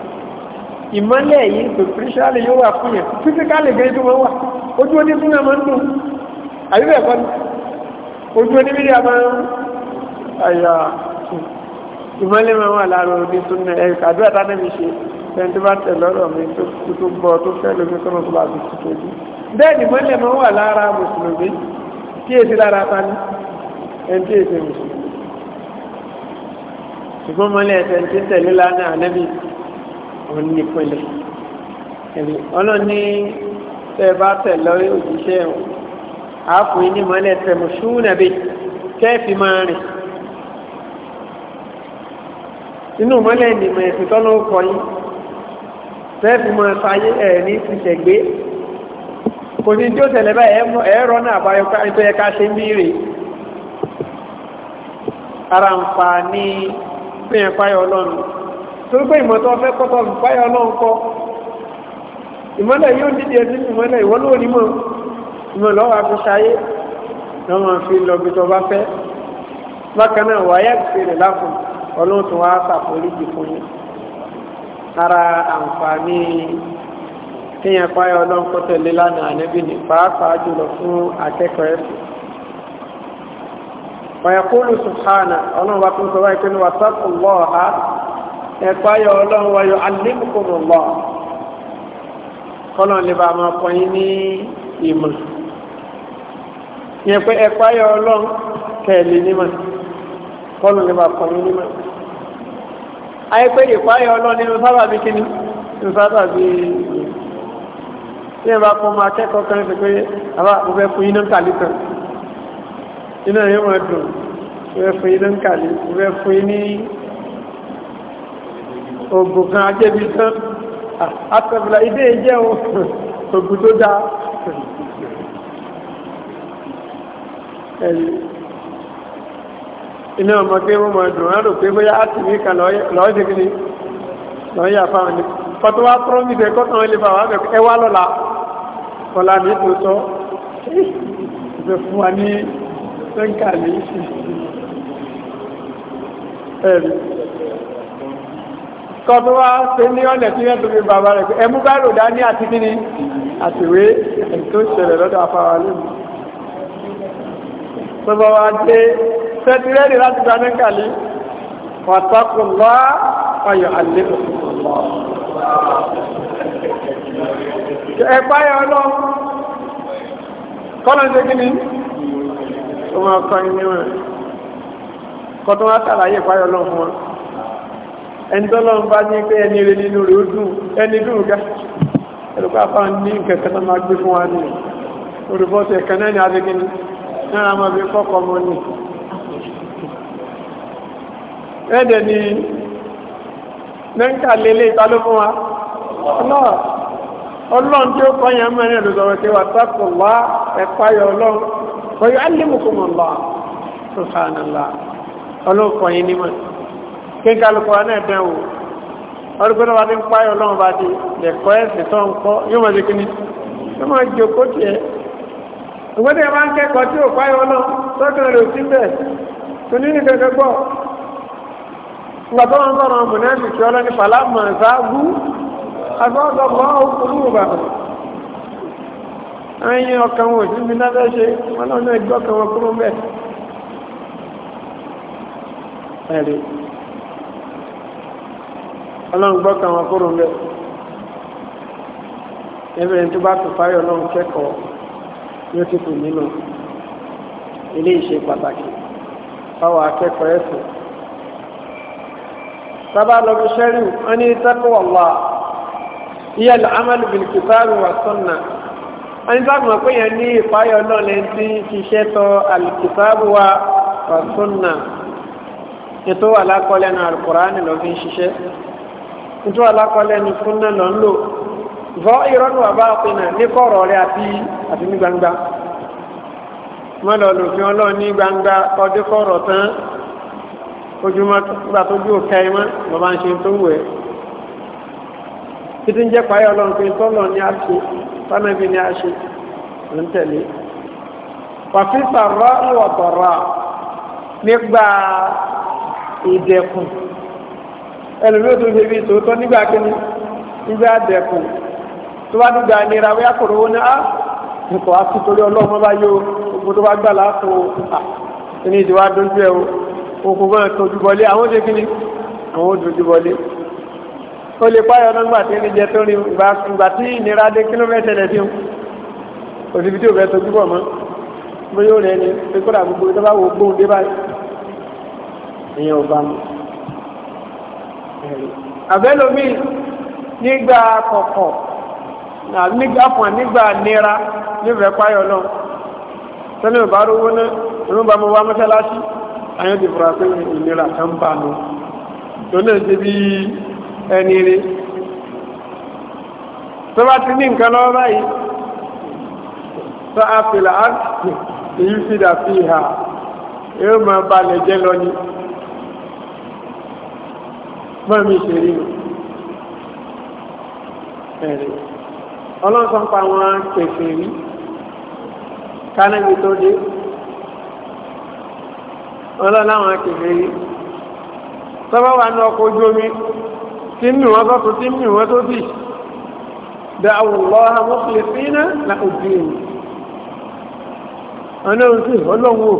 S1: ìmọ́lẹ̀ yìí tó spiritually yóò wà fún yẹn physically gẹ́gẹ́ tó wọ́n wà ojú oní fún àmọ́ ń dùn àyíbẹ̀ ẹ̀kọ́ ni ojú oní mídíà máa ń àyà ìmọ́lẹ̀ máa wà lára oní tó ní ẹ̀ àdúrà tánà mi ṣe ẹni tó bá tẹ̀ lọ́rọ̀ mi tó kú tó gbọ́ tó fẹ́ lómi kọ́nà tó bá fi kú tó dé bẹ́ẹ̀ ni ìmọ́lẹ̀ máa wà lára mùsùlùmí kí èsì lára tani ẹni tí èsì mùsùlùmí ṣùgbọ́n mọ́lẹ̀ ẹ̀ òun ní ìpínlẹ̀ ẹ̀rí ọlọ́ni tẹ́ ẹ bá tẹ̀ lọ òjíṣẹ́ wọn àáfùn ní mọ́lẹ̀ tẹ̀mù ṣúnàbí kẹ́ẹ̀fì máa rìn inú mọ́lẹ̀ nìmọ̀ ẹ̀sìn tọ́lọ́ kọ́ yín kẹ́ẹ̀fì máa sáyé ẹ̀ ní ti ṣẹ̀gbé kò ní tí ó tẹ̀lé báyìí ẹ̀rọ ara ń pa ní pínyẹ̀páyọ̀ ọlọ́run torí pé ìmọ̀ tó fẹ́ kọ́tọ̀ ìpáyà ọlọ́run kọ́ ìmọ́lẹ̀ yóò dìde ẹtí ìmọ́lẹ̀ ìwọ́n ló ní mọ̀ ìmọ̀ lọ́wọ́ àfiṣayé lọ́ máa fi lọ bí tó bá fẹ́ bákan náà wáyà ìfèrè láfún ọlọ́run tó wá sàforíjì fún yín ara àǹfààní kéèyàn páyà ọlọ́run kọ́ tẹ̀lé lánàá ànẹ́bí ní pàápàá jùlọ fún akẹ́kọ̀ọ́ ẹ̀sìn wàyà kúlù subhana ọlọ́run bá tún sọ wáyé pé ní wàtàkùn lọ́ọ̀ha ẹ̀páyọ̀ ọlọ́run wáyọ̀ alẹ́mùkùnmọ̀ kọ́nà lè bá máa kọ́ yín ní ìmọ̀ yẹn pé ẹ̀páyọ̀ ọlọ́run kẹ̀lé nímọ̀ kọ́nà lè bá kọ́ yín nímọ̀ ayé pé ìpáyọ̀ ọlọ́run nínú sábà bí kíní nínú sábà bí yẹn bá kọ́ máa kẹ́kọ̀ọ́ kan ṣe pé àbá mo fẹ́ fún yín kàlí kan iná yẹn wọ́n dùn mo fẹ́ fún yín kàlí mo fẹ́ fún yín ní oògùn kan ajébi tán àtẹ̀bùlà ìdé jẹ́ oògùn tó dáa iná ọmọ pé wọ́n mọ̀ dùn án rò pé bóyá á ti ní kan lọ́ọ́ ṣe kí ni lọ́ọ́ yà fáwọn ni kọ́tù wá tọ́rọ́ níbi ẹ̀kọ́ tán ilé bàbá bẹ̀ ẹ wá lọ́la kọ́la ní tó tọ́ ìfẹ́ fún wa ní sẹ́ńkà ní ẹ̀rí kọ́tún wá ṣe ní ọ̀nà tí yẹn tó fi bàbá rẹ̀ pé ẹmú bá rò dání àti kíni àtìwé tó ṣẹlẹ̀ lọ́dọ̀ afárá lónìí. tó bá wá dé sẹ́tìrẹ́dì láti gba nẹ́kàlí wàtàkùn lọ́ ayọ̀ àlẹ́ ẹ̀páyọ̀ ọlọ́ kọ́nà ṣe kíni ó máa kọ́ inú rẹ̀ kọ́tún wá sàlàyé ìpáyọ̀ ọlọ́ fún wọn ẹni tọ́lọ́ ń bá ní pé ẹni rẹ nínú rẹ̀ ó dùn ẹni dùn ká ẹlùpá bá ń ní nǹkan kan máa gbé fún wa ní olùbọ́sẹ̀ kan náà ni a ti kí ni náà máa fi kọ́kọ́ mọ́ ni ẹ̀dẹ̀ ni mẹ́ǹkà lélẹ̀ ìtàló fún wa náà ọlọ́run tí ó kọ́yàn mẹ́rin ẹ̀dùn sọ̀rọ̀ kí n kálukú wa náà dán wò ọdún tó bá ti ń páyọ̀ lọ́wọ́ bá ti lẹ̀kọ́ ẹ̀sìn tó ń kọ́ yóò máa ṣe kíní yóò máa jòkó tiẹ̀ ìwọ́n tí ẹ máa ń kẹ́kọ̀ọ́ tí ò páyọ̀ náà tọ́kàn rẹ̀ ò sí bẹ̀ tó ní ní kẹ́kẹ́ gbọ́ ìgbà tó wọn sọ̀rọ̀ ọmọ náà nìkí ọlọ́ni fàlà mọ̀ ṣáàbù agbọ́dọ̀ bọ́ òkúrú ìbàdàn ẹyin ọkàn wọn ò sí bí náà fẹ́ ṣe wọn náà gbọ́ ọkàn wọn kúrò bẹ́ẹ̀ ọlọ́run gbọ́kàn wọn kúrò ń bẹ̀ ẹbẹ̀rẹ̀ tó bá tún fáyọ̀ ọlọ́run kẹ́kọ̀ọ́ yóò ti kù nínú ilé ìṣe pàtàkì fáwọn akẹ́kọ̀ọ́ ẹ̀sìn sábà lọ fi ṣẹ́rù wọn ní taqwallah hiya al-amal bil-kitab wa sunnah wọn ní sábà pé yẹn ní ìfáyọ̀ náà lẹ́yìn tí ṣiṣẹ́ tọ al-kitab wa sunnah ètò àlákọ́lẹ́nu al-Qur'an lọ fi ń ṣiṣẹ́ nítorí alákọ̀ọ́lẹ̀ ní súnà lọ ń lò vọ́ ìrọ́nù àbá àpinà ní kọ̀rọ̀ rẹ̀ àti àti ní gbangba mọ́ lọ lòfin ọlọ́run ní gbangba ọdún kọ̀rọ̀ tán ojúmọ́ nígbà tó dúró kẹ́ ẹmọ́ lọ bá ń ṣe tó wù ẹ́ títí ń jẹ́ pààyà ọlọ́run pé tọ́lọ̀ ní àṣe tánàbí ní àṣe ń tẹ̀lé wàfíìsà rọ́ ìwọ̀tọ̀rọ̀ nígbà ìdẹ̀kùn ẹlòmíràn tó ṣe bí tòótọ́ nígbà kíní nígbà dẹ̀kùn tó bá dùgbà nira wíyá kòrò wọn ni á nǹkan á sì torí ọlọ́mọ bá yó gbogbo tó bá gbà láàpò à kíní ìdíwá dójú ẹ o òkú bọ́n tójú bọlé àwọn ṣe kíní àwọn tójú bọlé ó lè páyọ̀ nígbà tí ní jẹ tó rí ìgbà tí ìnira dé kílómítà lẹ́sí fẹ́ tójú bọ̀ mọ́ bóyá ó rẹ̀ ni àbẹ́lómi nígbà kọ̀kọ̀ nigba fún nígbà nira nífẹ̀ẹ́ páyọ̀ náà tẹ́lẹ̀ bá rówó náà ìlú bá mọ wá mọ́ṣáláṣí ayé ti fura pé ìnira kan bá nù tó náà ṣe bí ẹni rí tó bá ti ní nǹkan lọ́wọ́ báyìí tó a fìlà á èyí fi dà fi hà yóò máa balẹ̀ jẹ́ lọ ni. bọ́ọ̀ mi ṣe rí nù ẹ̀rẹ̀ ọlọ́sàn pa wọn pèsè rí kánẹ́bí tó dé ọlọ́láwọn pèsè rí tọ́bọ̀ wà ní ọkọ̀ ojú omi tí ń mì wọ́n tó tó tí ń mì wọ́n tó dì dá àwòrán amókùnlé fínà na òbí èmi ọlọ́run sí ọlọ́run wò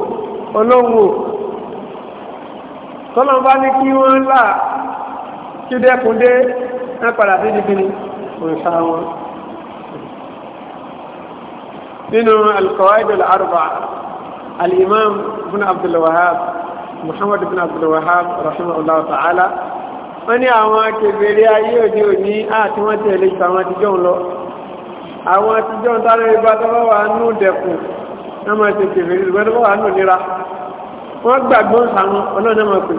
S1: ọlọ́run ní kí wọ́n láà tí dẹ́kun dé wọ́n padà sí ibi kíni òǹṣà wọn. nínú al-qawaid al-arba'a al-imam ibn abdul wahab muhammad ibn abdul wahab rahimahullah ta'ala wọ́n ní àwọn kèfèrè ayé òde òní àti wọ́n tẹ̀lé ìta àwọn àtijọ́ ń ìgbà tó wà nù dẹ̀kùn wọ́n máa ṣe kèfèrè ìgbà tó wà nù nira wọ́n gbàgbọ́ àwọn ọlọ́nà máa pè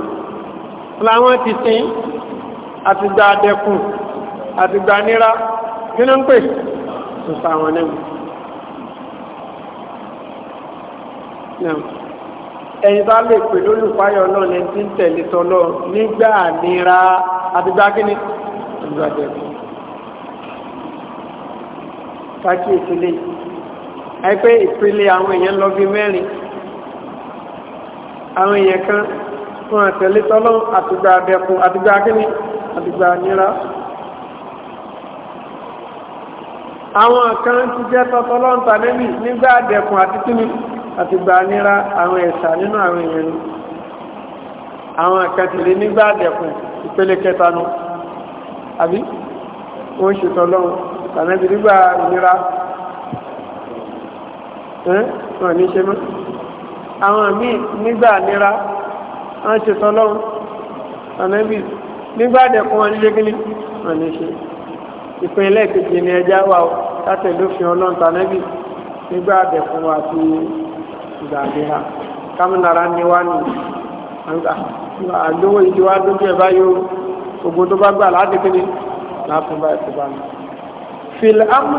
S1: láwọn ti sin àti gba adẹ́kùn àti gba nira nínú ń pè sùsà àwọn ẹlẹ́mu. ẹ̀yin bá lè pè lólùpáyọ̀ náà ní ti ń tẹ̀lé tọ́lọ́ nígbà nira àti gba kíni àti gba adẹ́kùn. káàkì ìpele àìpé ìpele àwọn èèyàn lọ bí mẹ́rin àwọn èèyàn kan fún àtẹ̀lé tọ́lọ́ àti gba adẹ́kùn àti gba àti gba nira àwọn kan ti jẹ́ tọ́tọ́lọ́ǹta níbi nígbà àdẹ̀kùn àti kíni àti gba nira àwọn ẹ̀sà nínú àwọn èèyàn ni àwọn kan ti lè nígbà àdẹ̀kùn ìpele kẹta nu àbí ó ń ṣètò ọlọ́run tàbí nígbà ìnira wọ́n ní ṣe mọ́ àwọn míì nígbà nira wọ́n ṣètò ọlọ́run tàbí nígbà dẹ̀kun wọn nílé kíní wọn ní ṣe ìpínlẹ̀ kejì ni ẹja wà ó látẹ̀lé òfin ọlọ́ǹta nẹ́bì nígbà dẹ̀kun wọn àti ìgbàgbé ha kámúnára ni wá nù àdówó ìdí wá dójú ẹ̀ báyìí ó ogun tó bá gbà láti kíní láti bá ẹ̀kọ́ bá mi. fìlà ámú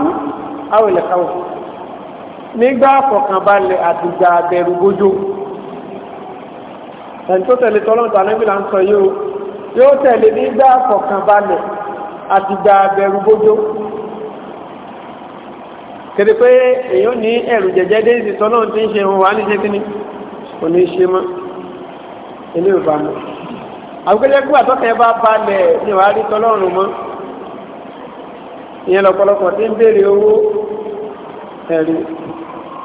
S1: àwòlẹ̀ káwọ̀ nígbà àfọ̀kànbalẹ̀ àtìgbà àbẹ̀rù gbójú ẹni tó tẹ̀lé tọ́lọ́ǹta nẹ́bì là ń sọ yìí ó yóò tẹ̀lé nígbà kọ̀kànbalẹ̀ àti gba abẹ̀rù bójó kéde pé èyàn ní ẹ̀rù jẹjẹ dé ìsì tọ́lọ́ tí ń ṣe òun wà ní ṣe kíní kò ní ṣe mọ́ ilé ìbá mọ́ àgbélé gbà tọ́kẹ́ bá balẹ̀ ní wàá rí tọ́lọ́run mọ́ ìyẹn lọ́pọ̀lọpọ̀ tí ń béèrè owó ẹ̀rù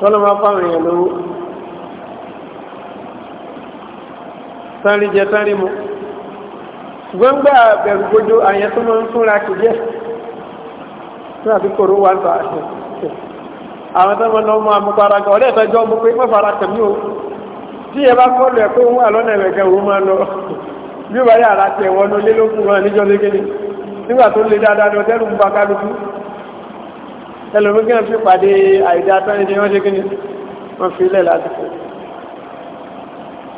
S1: tọ́lọ́ máa fáwọn èèyàn lówó sáré jẹ sáré mu ṣùgbọ́n gbà bẹ̀rù gbójú àyẹ̀ tó máa ń túnra kì díẹ̀ tó àti kòró wà ń tọ́ àṣẹ àwọn tó máa lọ mọ àmupara gan ọ̀dẹ́ ìtọ́jọ́ mú pé mọ́fara tẹ̀mí o tí ẹ bá kọ́lù ẹ̀ pé òun wà lọ́nà ẹ̀rẹ̀ òun máa lọ bí ó bá yàrá tẹ̀ wọnú lé lókun wọn níjọ́ lé ẹlòmí kí wọ́n fi pàdé àìdá tọ́ni ní wọ́n ṣe kí ni wọ́n fi ilẹ̀ láti fẹ́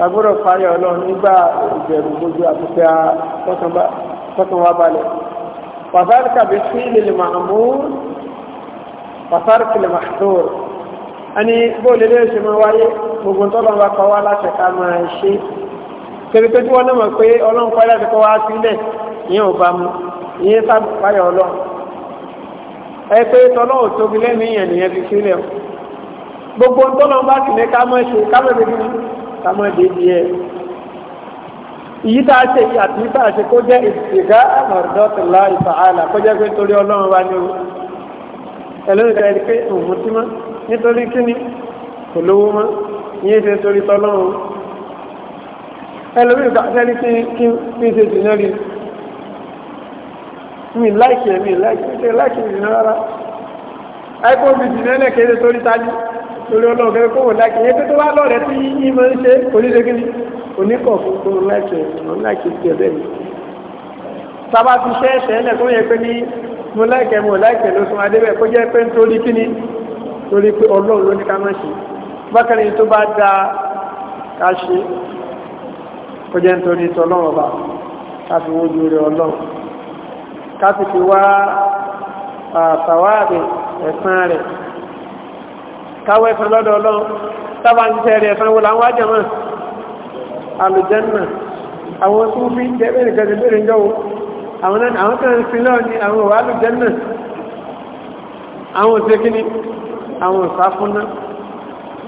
S1: àgbọ̀dọ̀ fáyọ̀ ọlọ́run nígbà ìbẹ̀rù gbogbo àtúnṣe tọ́tún wá balẹ̀ wàtárìkà bí sí ilẹ̀ màmúr wàtárìkà lè màtúr a ní bóòlù ilé ìṣe máa wáyé gbogbo tọ́lọ́ wa kọ́ wá láti ká máa ṣe torí pé tí wọ́n náà mọ̀ pé ọlọ́run pàdé àti kọ́ wá sílẹ̀ ìyẹn ò bá mu ìyẹn sábà fáyọ̀ ọlọ́run ẹ pé tọ́lọ́ ò tóbi lẹ́nu ìyẹn nìyẹn fi sílẹ̀ o gbogbo tọ́lọ́ bá ti ní ká mọ̀ ṣe ká mọ̀ débi ká mọ̀ débi ẹ̀ ìyí tá a ṣe yìí àti yìí tá a ṣe kó jẹ́ ìṣègá àmọ̀dọ́tìlá ìfàhálà kó jẹ́ pé torí ọlọ́run wá ní o ẹlẹ́rìí ká ẹni pé òun tí mọ́ nítorí kíni kò lówó mọ́ ní èdè torí tọ́lọ́run ẹlẹ́rìí ká ẹni pé kí ń ṣe jù náà mi láìkì ẹ̀mí láìkì láìkì ìdìnnà rárá ẹ̀kọ́ mi dìnnà ẹ̀lẹ́ kéde torí tájú torí ọlọ́run kẹ́kẹ́ kó wò láìkì ẹ̀kẹ́ tó bá lọ́rẹ̀ẹ́ tí yí máa ń ṣe onídegíní oníkọ̀ fún tó láìkì ẹ̀mí láìkì tiẹ̀ bẹ́ẹ̀ ni. sábà ti ṣe ẹ̀ṣẹ̀ ẹ̀lẹ́ kó yẹ pé ní mo láìkì ẹ̀mí ò láìkì ló sún adébẹ̀ kó jẹ́ pé nítorí kíni torí pé ọlọ́run ló ní ká má ṣe bákan tó bá da ká ṣe kó jẹ́ nítorí tọ́lọ́run ọba ká fi wọ́n rẹ̀ ọlọ́run káti fi wá àtàwàbẹ̀ ẹ̀sán rẹ̀ káwẹ́ ẹ̀sán lọ́dọ̀ ọlọ́run tábà ń tẹ́ rẹ̀ ẹ̀sán wọ́n láwọn ajẹ́mọ̀ alùjẹ́nà àwọn tó fi jẹ́bẹ̀rẹ̀ gẹ̀rẹ̀ jọ́wọ́ àwọn kan sí náà ni àwọn òwà alùjẹ́nà àwọn òṣèkíní àwọn òṣàfúnná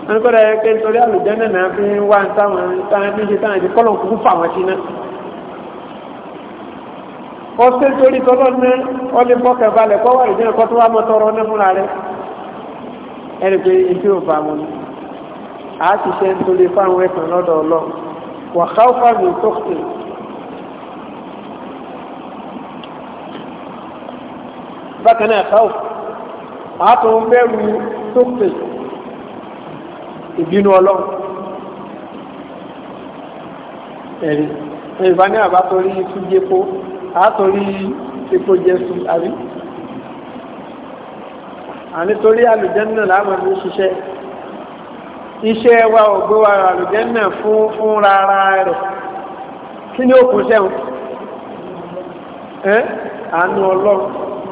S1: wọn kọ́ra ẹ̀kẹ́ nítorí alùjẹ́nà náà fi wá ń táwọn táwọn ní ṣe táwọn ìdíkọ́lọ̀ kúkú fà wọn sí náà ọ̀sẹ̀ torí tọ́lọ́ ní ọlẹ́ bọ́kẹ̀ balẹ̀ kọ́ wà ìdílé kọ́ tó wà mọ́ tọrọ ní fúnra rẹ̀ ẹni pé ibi ò bá mu ni a ti ṣe ń torí fáwọn ẹ̀sán lọ́dọ̀ ọlọ́ wà káwọ́fà mi tó kù. bákan náà káwọ́ a tó ń bẹ̀rù tó kù ìbínú ọlọ́run ẹ̀rí ìbáníyàbá torí túnjẹ́ àtòrí epo jésù àbí ànítorí àlùjẹ́nà láàmàlú ṣiṣẹ́ iṣẹ́ wa ò gbé wa àlùjẹ́nà fún fún rárá rẹ̀ kí ni ó kù sẹ́wọ̀n ẹ́ àánú ọlọ́run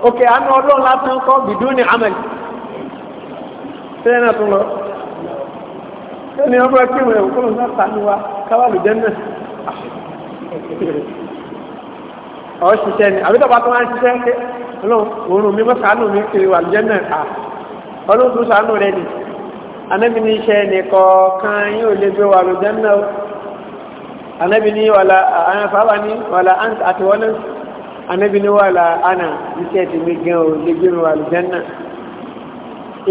S1: ok àánú ọlọ́run látún kọ́ bìdún ní amẹ́lì sẹ́yìn àtúnlọ ẹni ọgbọ́n kí wọ́n ẹ̀wọ̀n kọ́ lọ́nà sàánú wa káwàlùjẹ́nà ọ̀ ṣiṣẹ́ ni àbí tọ́ba tó máa ń ṣiṣẹ́ pé òórùn mi mọ́sánù mi kiri wà lójẹ́ náà à ọlọ́run tó sànù rẹ ni anábì ní iṣẹ́ nìkọ̀ọ̀kan yóò lè gbé wà lójẹ́ náà anábì ní wàlà àwọn afábà ní wàlà àti wọ́n náà anábì ní wàlà àná iṣẹ́ tèmi gan ò lè gbé wà lójẹ́ náà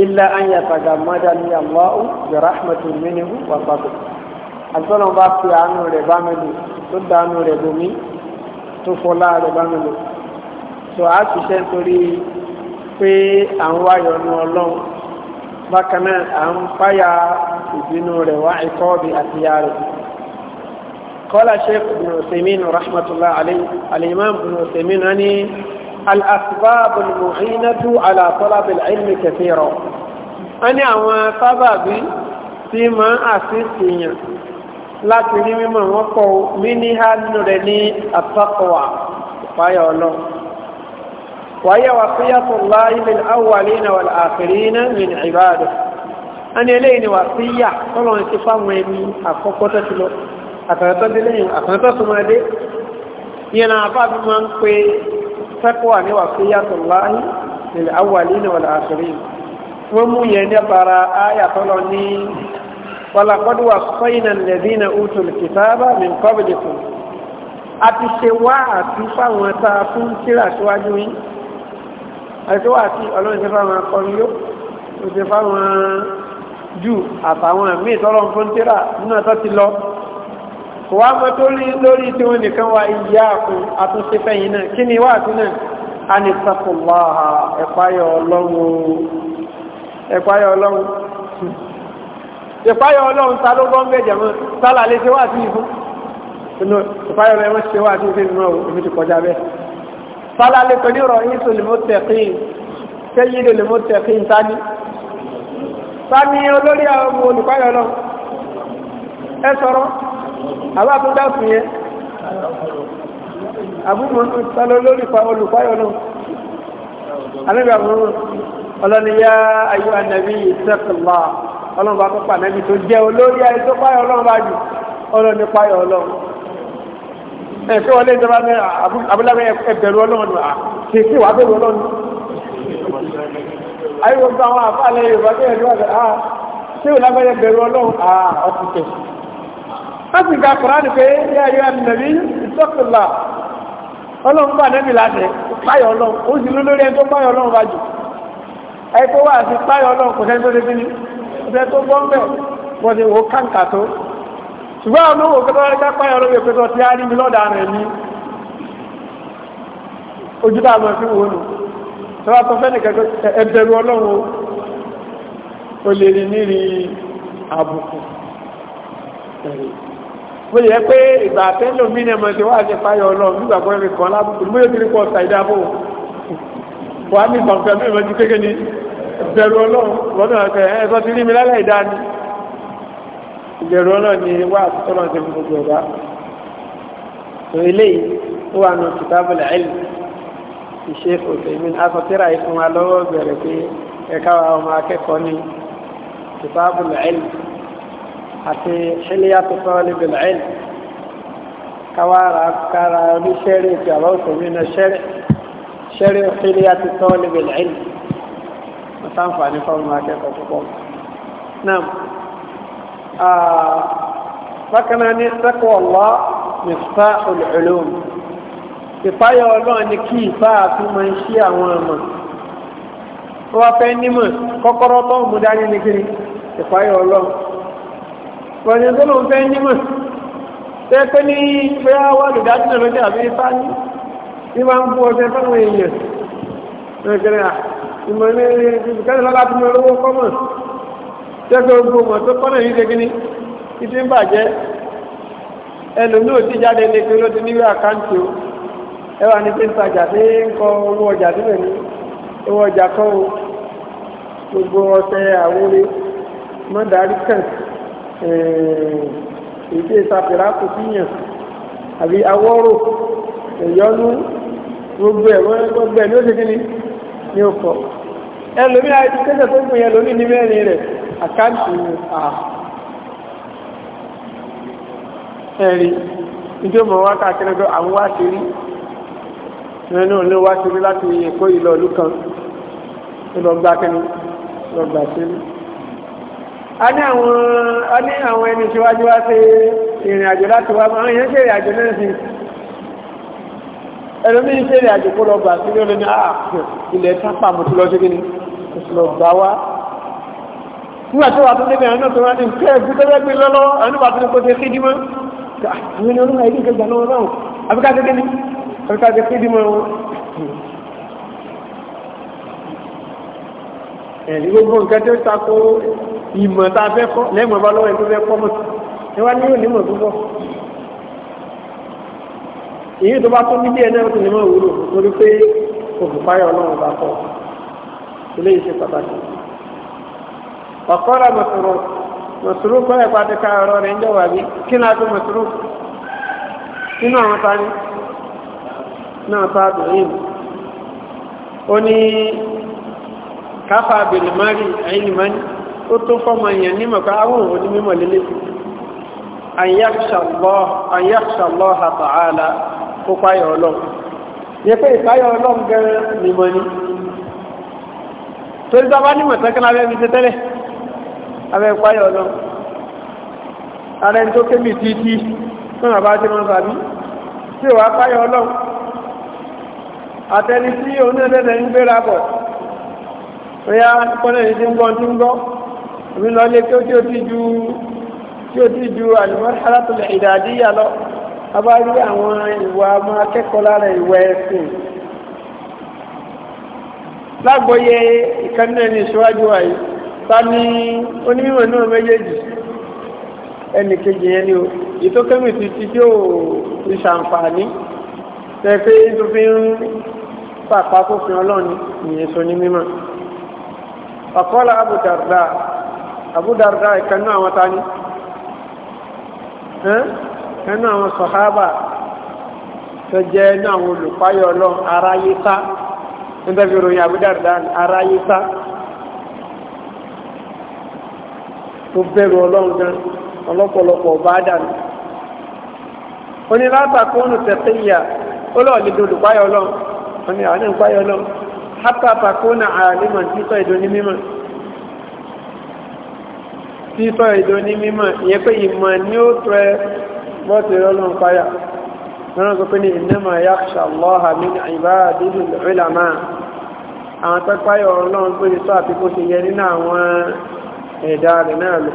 S1: ilà ànyà tàgà mọ́dà ní àlọ́ọ̀ yọ̀rọ̀ àmọ́tò mẹ́ni wà pàtó àtọ́nà bá fi àánú rẹ̀ bá mi lò tó dànù rẹ̀ bomi tó fọlá rẹ̀ bá mi lò tó a ti ṣe nítorí pé à ń wáyọ̀ ní ọlọ́run bákan náà à ń fáyà ìbínú rẹ̀ wá ẹ̀kọ́ bí àti ya rẹ̀. قال شيخ ابن عثيمين رحمة الله عليه الإمام ابن عثيمين أن الأسباب المعينة على طلب العلم كثيرة أنا أما سببي فيما أسيسيا láti ní mímọ̀ wọn kọ mí ní ha nínú rẹ̀ ní àtàkọ̀wà wáyà ọlọ́ wáyà wà sí yàtọ̀ láì lè awàlé na wà àkìrí iná min ìbáàdù a ní eléyìí ni wà sí yà tọ́lọ̀ ń ti fáwọn ẹni àkọ́kọ́ tó ti lọ àtàrẹ́tọ́ dé lẹ́yìn àtàrẹ́tọ́ tó máa dé yẹn náà bá fi máa ń pe tẹ́kọ̀wà ní wà sí yàtọ̀ láì lè awàlé na wà àkìrí wọ́n mú yẹn ní wàlàkọ́dù wà sọ́yìnà lẹ́dínà òtún kìtàbà min kọ́bìlìkùn a ti ṣe wá àti fáwọn ta fún kíra síwájú yìí àti wá àti ọlọ́run ṣe fáwọn akọrin yó ó ṣe fáwọn jù àtàwọn míì tọ́lọ́ fún kíra náà tó ti lọ kò wá tó rí lórí tí nìkan wá ìyá àkùn àtúnṣe fẹ́yìn náà kí ni wá àti náà a ní sàkùnlá ẹ̀páyọ̀ ọlọ́run ìpáyọ̀ ọlọ́run ta ló gbọ́ bẹ̀jẹ̀ mọ́ sálà lè ṣe wá sí ìfún ìpáyọ̀ ọlọ́run ẹ̀mọ́ ṣe sí ìfún ti kọjá bẹ́ẹ̀ sálà lè pẹ̀lú ọ̀rọ̀ ìṣù lè mọ́ tẹ̀kín sẹ́yìn lè mọ́ tẹ̀kín tání tání olórí àwọn olùpáyọ̀ ọlọ́run ẹ sọ̀rọ̀ àbá tó yẹn ọlọ́ni yá ayé ìṣẹ́kùnlá ọlọ́run bá tó pa nẹ́bí tó jẹ́ olórí ayé tó páyọ̀ ọlọ́run bá jù ọlọ́run ní páyọ̀ ọlọ́run ẹ̀ tí wọ́n lé ìjọba ní abúláwẹ̀ ẹgbẹ̀rún ọlọ́run kì í sí wàá bẹ̀rù ọlọ́run ayé gbogbo àwọn àfáàlẹ̀ yorùbá tó yẹn lọ́wọ́ ah tí wọ́n lábẹ́ ẹgbẹ̀rún ọlọ́run ah ọ̀tútù wọ́n sì ga kùránì pé yẹ́ ẹ̀rí ẹ̀nàbí ìtọ́kùlà ọlọ́run bá nẹ́bí láti páyọ̀ ọlọ́run ó sì lólórí ẹni tó páyọ̀ ọlọ́run bá jù ẹ̀ tó wà sí páyọ̀ ọlọ́run kò sẹ́ni tó dé bí ní òṣìṣẹ́ tó gbọ́n bẹ̀ wọ́n ni wò kàǹkà tó ṣùgbọ́n àwọn olówó pẹ́tọ́ ẹgbẹ́ pààyà olóyè pẹ́tọ́ ti á rí mi lọ́dà rẹ̀ ní ojú tá a mọ̀ sí wò nù tọ́lá tó fẹ́ nìkan ẹbẹ̀rù ọlọ́run o lè rí nírí àbùkù mo yẹ pé ìgbà àtẹ́lò mí ní ẹmọ ìṣẹ́wà àti fáyọ ọlọ́run nígbà pé ẹ̀rì kan lábùkù mo yẹ kí ní pọ̀ ṣàìdábò wà ní ìgbà pẹ̀lú bẹ̀rù ọlọ́run wọ́n náà kẹ ẹ sọ ti rí mi lálẹ́ ìdáni ìbẹ̀rù ọlọ́run ni wà àtúntò náà ti fi gbogbo ẹ̀dá tó eléyìí ó wà nù kitabul ilm ìṣe òtẹ̀mí asọ̀tẹ́rà yìí fún wa lọ́wọ́ bẹ̀rẹ̀ pé ẹ̀ka wa ọmọ akẹ́kọ̀ọ́ àti hilyatu talibil ilm wọ́n sáǹfààní fọ́ọ̀mù akẹ́kọ̀ọ́ púpọ̀ náà bákan náà ní sẹ́kọ̀ọ́ ọ̀lá nípa olùlùm ìpáyọ̀ ọlọ́run ni kí ìfá àti máa ń ṣí àwọn ọmọ tó wá fẹ́ nímọ̀ kọ́kọ́rọ́ tó mú dání ní kiri ìpáyọ̀ ọlọ́run pẹ̀lú tó lóun fẹ́ nímọ̀ ìmọ̀ ní ìbùkẹ́lẹ̀ lọ́la tó mọ owó kọ́mọ̀ jẹ́gbẹ́ ogun mọ̀ tó kọ́nà yìí ṣegin ní títí ń bàjẹ́ ẹlòmí ò ti jáde ní pé ló ti níwé àkáǹtì o ẹwà ní pé ń tajà sí ń kọ owó ọjà sílẹ̀ ní owó ọjà kọ́ o gbogbo ọ̀sẹ̀ àwúrí mọ́dàrí kàn èdè kò síyàn àbí awọ́rò ìyọnu gbogbo ẹ̀ gbogbo ẹ̀ ló ṣe ní ọkọ̀ ẹlòmí àti tẹ́sẹ̀ tó gbìyàn lórí ní mẹ́rin rẹ̀ àkáǹtì ẹ̀rí ìjọ mọ̀ wá káàkiri ọjọ́ àwọn wá ti rí mẹ́rin náà ló wá ti rí láti Èkó ìlọ ìlú kan lọ́gbà kẹ́ni lọ́gbà sílẹ̀ a ní àwọn ẹni síwájú wá sí ìrìn àjò láti wá máa ń yẹn ṣe ìrìn àjò náà sí ẹlòmí ń ṣe rìn àjò kó lọ gbà sí ní ọlọ́ni ah, àà ilẹ̀ tápà mo ti lọ sí kíni mo ti lọ gbà wá nígbà tó wà tó débi àwọn náà tó wá ní nǹkan ẹ̀gbẹ́ tó bẹ́ẹ̀ gbé lọ́lọ́ àwọn nígbà tó ní kó ṣe é kéde mọ́ àwọn ènìyàn náà ìdí fẹ́ kọ́ lẹ́mọ̀ bá lọ́wọ́ ẹ̀ tó fẹ́ kọ́ mọ̀ ẹ wá èyí tó bá tún bí díẹ̀ náà tó lè mọ̀ wúlò torí pé òkùnfáyọ̀ ọlọ́run bá pọ̀ ilé iṣẹ́ pàtàkì. ọ̀kọ́ra mọ̀sùrù mọ̀sùrù kọ́ ẹ̀pá ti ka ọ̀rọ̀ rẹ̀ ń jọ̀wọ́ àbí kí náà tó mọ̀sùrù nínú àwọn tani náà tó àbẹ̀yìn ó ní káfà mari mani ó tó yẹn ní àwọn òun ní mímọ̀ àyàkṣàlọ́ àyàkṣàlọ́ kó páyọ̀ ọlọ́run yẹ pé ìpáyọ̀ ọlọ́run gẹ́rẹ́ nìmọ̀ ni torí bá bá nímọ̀ tẹ́kẹ́ lábẹ́ mi ṣe tẹ́lẹ̀ abẹ́ ìpáyọ̀ ọlọ́run ara ẹni tó ké mi tí tí fún àbá tí wọ́n sàbí tí ò wá páyọ̀ ọlọ́run àtẹni tí onílẹ̀ ń gbéra bọ̀ bóyá kọ́nà ní ti ń gbọ́n tí ń gbọ́ a bá rí àwọn ìwà máa kẹ́kọ̀ọ́ lára ìwà ẹ̀sìn lágbóyé ìkànnì ẹni ìṣíwájú wáyé ta ni onímọ̀ náà méjèèjì ẹnì kejì yẹn ni o ìtókẹ́mì ti ti tí ó ìṣàǹfààní tẹ́fẹ́ tó fi ń pàpá fófin ọlọ́ni ìyẹn sọ ní mímọ̀ ọ̀kọ́lá Abu Darda Abu Darda ìkànnì àwọn ta ni nínú àwọn sọ̀hábà tó jẹ́ inú àwọn olùpáyọ̀ ọlọ́run aráyé sá nítorí ìròyìn àbúdàdà aráyé sá tó bẹ̀rù ọlọ́run gan ọlọ́pọ̀lọpọ̀ bá dànù ó ní látàkùnù tẹ̀síyà ó lọ́ọ̀ lè dolùpáyọ̀ ọlọ́run ó ní àwọn olùpáyọ̀ ọlọ́run hátà takùnà àlímọ̀ títọ́ ìdó ní títọ́ ìdó ní mímọ̀ ìmọ̀ ni ó tọ́ bọ́ọ̀tì ọlọ́run páyà lọ́nà tó pé ní innama yakhsha Allaha min ibadihi al-ulama àwọn tó ọlọ́run pé ní tó kó ṣe yẹ nínú àwọn ẹ̀dá rẹ̀ náà ló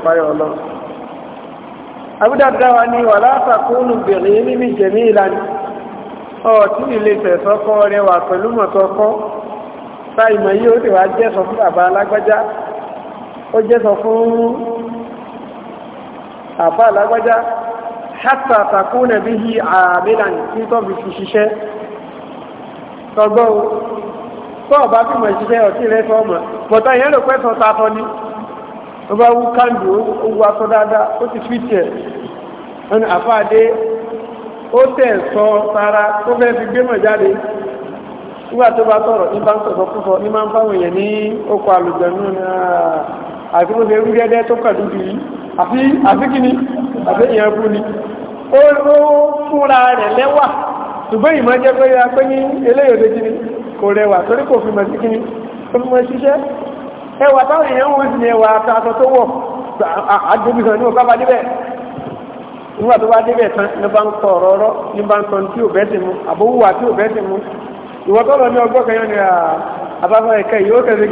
S1: ọlọ́run wa ni wala takunu bi'ilmi jamilan ọ̀tí ilé tẹ̀sọ́kọ́ rẹ̀ wà pẹ̀lú mọ̀tọ́kọ́ yí ó ti wá fún bàbá alágbájá hátà takúnà bí i àmìlàn tí tó fi fi ṣiṣẹ́ tọgbọ́ o tó ọba bí mọ̀ ṣiṣẹ́ ọtí rẹ fọ́ ọmọ bọ̀tá ìyẹn ló pẹ́ sọ tafọ́ ni ó bá wú káńdù ó wú aṣọ dáadáa ó ti fi tiẹ̀ ẹni àfáàdé ó tẹ̀ sọ tara tó fẹ́ fi gbé mọ̀ jáde nígbà tó bá sọ̀rọ̀ ní bá ń sọ̀rọ̀ púpọ̀ ní máa ń fáwọn èèyàn ní oko àlùjọ náà àti mo ṣe rú gẹ́gẹ́ tó kàdúdú àfi àfikíní àfi èèyàn bú ni ó fúnra rẹ̀ lẹ́wà ṣùgbọ́n ìmọ̀ jẹ́ pé a pé ní eléyìí òde kíní kò rẹwà torí kò fi mọ̀ sí kíní ó fi ẹwà táwọn èèyàn ń wò sí ni ẹwà aṣọ tó wọ̀ àdókùsàn ní ọ̀ká bá débẹ̀ nígbà tó bá débẹ̀ tán ní bá ń kọ ọ̀rọ̀ ọ̀rọ̀ ní bá ń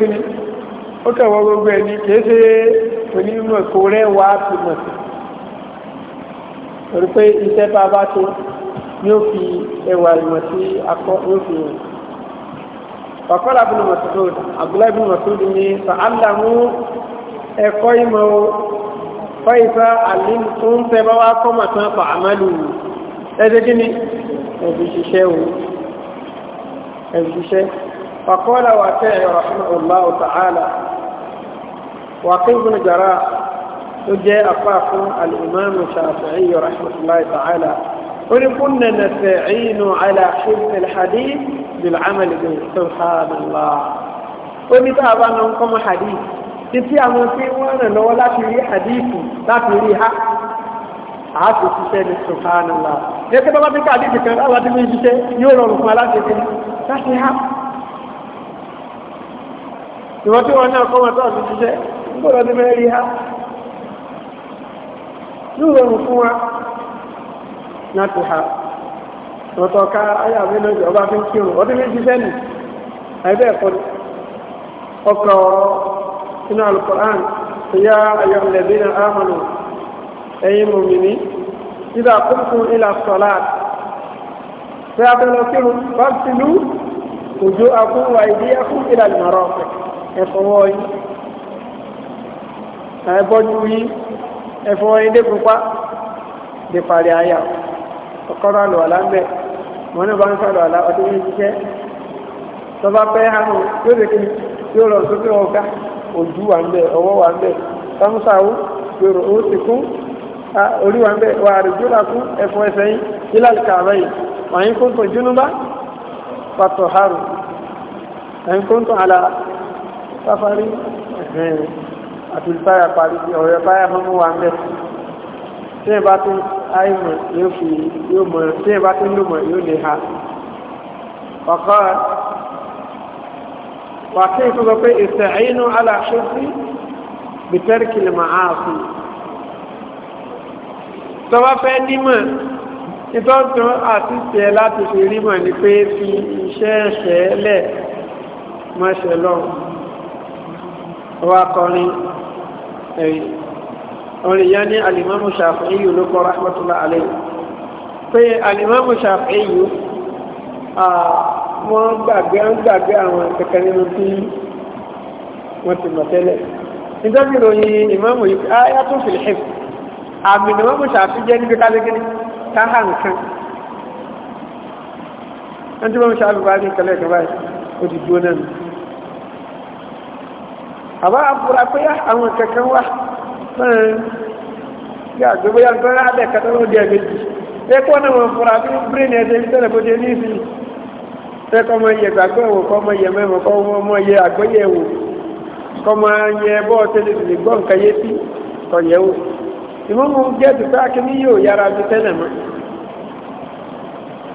S1: ni ó kẹ̀wọ́ gbogbo ẹni kìí ṣe onímọ̀ kò rẹwà ti mọ̀ sí torí pé iṣẹ́ bá bá tó ní ó fi ẹwà ìmọ̀ sí akọ́ ní ó fi hàn wàkọ́lá bínú mọ̀sùlùmí abdullahi bínú mọ̀sùlùmí ni sàálàmú ẹ̀kọ́ ìmọ̀ o kọ́ ìfẹ́ àlín tó ń tẹ́ bá wá kọ́ màtán pa àmàlù ẹ̀ṣẹ́ kí ni ẹ̀bí ṣiṣẹ́ o ẹ̀bí ṣiṣẹ́ wàkọ́lá wà tẹ́ ẹ̀rọ̀ ọ̀lá ọ̀tàálà وقيمنا جراء وجاء أخاكم الإمام الشافعي رحمة الله تعالى ونكون نتعين على حفظ الحديث بالعمل به سبحان الله ونتابع منكم حديث تتيا من في وانا لو لا تري حديث لا تري حق عاتو تسير سبحان الله لكن الله بك عليك كان الله تبين تسير يولو لكم لا تري حق يواتي وانا قوة تسير gbọ́dọ̀ ti fẹ́ rí ha yóò rọrùn fún wa láti ha ọ̀tọ̀ ká ayà mi lọ́jọ́ ọba fi ń kírun ọdún méjì sẹ́nu àìbẹ́ ẹ̀kọ́ ọkọ̀ inú alukoran tó yá ayọ̀ lẹ́bí na áhùnù ẹ̀yin mòmìnì nígbà kúrkún ilà sọ̀lá tí a fẹ́ ẹ̀bọ́jú yí ẹ̀fọ́ ilé pupa lè parí ayà ọ̀kọ́rọ̀ àlọ́ àlámbẹ̀ wọn ní bá ń sọ̀rọ̀ àlá ọdún yìí jíṣẹ́ tó bá pẹ́ hànú yóò lè kiri yóò lọ sókè ọ̀gá ojú wà ń bẹ̀ ọwọ́ wà ń bẹ̀ sámúsáwú yòrò ó ti kú orí wà ń bẹ̀ wà àrùjú là kú ẹ̀fọ́ ẹsẹ̀ yín nílàlì kààbẹ̀ yìí wàá yín kóńtò júnúbá pàtó haru wàá yín kóńtò àlà sáfárí ẹ̀hẹ́n àti táyà parí ọ̀rẹ́ táyà mọ́mú wa mẹ́ tí ẹ bá tún àìmọ̀ yóò fi yóò mọ̀ tí ẹ bá tún lùmọ̀ yóò lè ha ọ̀kọ́ wà kí n sọ pé ìsẹ̀ẹ́nù aláṣẹ́sí bìtẹ́rìkìlì máa fi tọ́wọ́ fẹ́ nímọ̀ ìtọ́jú àti tẹ̀ láti fi rímọ̀ ni pé fi iṣẹ́ ẹ̀ṣẹ́ mọ́ṣẹ́ lọ́wọ́ wa ẹ̀yìn orin yá ní alimamu shafi'i ló kọ rahmatullah alayhi pé alimamu shafi'i wọ́n gbàgbé gbàgbé àwọn kẹ̀kẹ́ nínú tí wọ́n ti mọ̀ tẹ́lẹ̀ nítorí ìròyìn ìmáàmù yìí ayá tó fi lè àmì ìmáàmù Ṣàfi'í jẹ́ níbi kálẹ́gẹ́ni káhà nǹkan ẹni tí wọ́n Ṣàfi'í bá ní kẹlẹ̀ àbá àfúra pé ah, àwọn kankan wá bí àgbébó yá nǹkan rádẹ̀ kàtàkì ó di ẹ̀mẹ́jì ẹkọ́ náà wọn fúra bí brain ẹ̀dẹ̀ ń tẹ̀lé bó ṣe ní ìsìn ẹkọ́ mọ iye gbàgbé ẹ̀wò kọ́ mọ iye mẹ́mọ́ kọ́ mọ iye àgbóyè ẹ̀wò kọ́ mọ iye bọ́ tẹ́lẹ̀ gbọ́ nǹkan yé sí kọ̀yẹ̀wò ìmọ̀mọ̀ jẹ́ dùkọ́ akíní yóò yára ju tẹ́lẹ̀ mọ́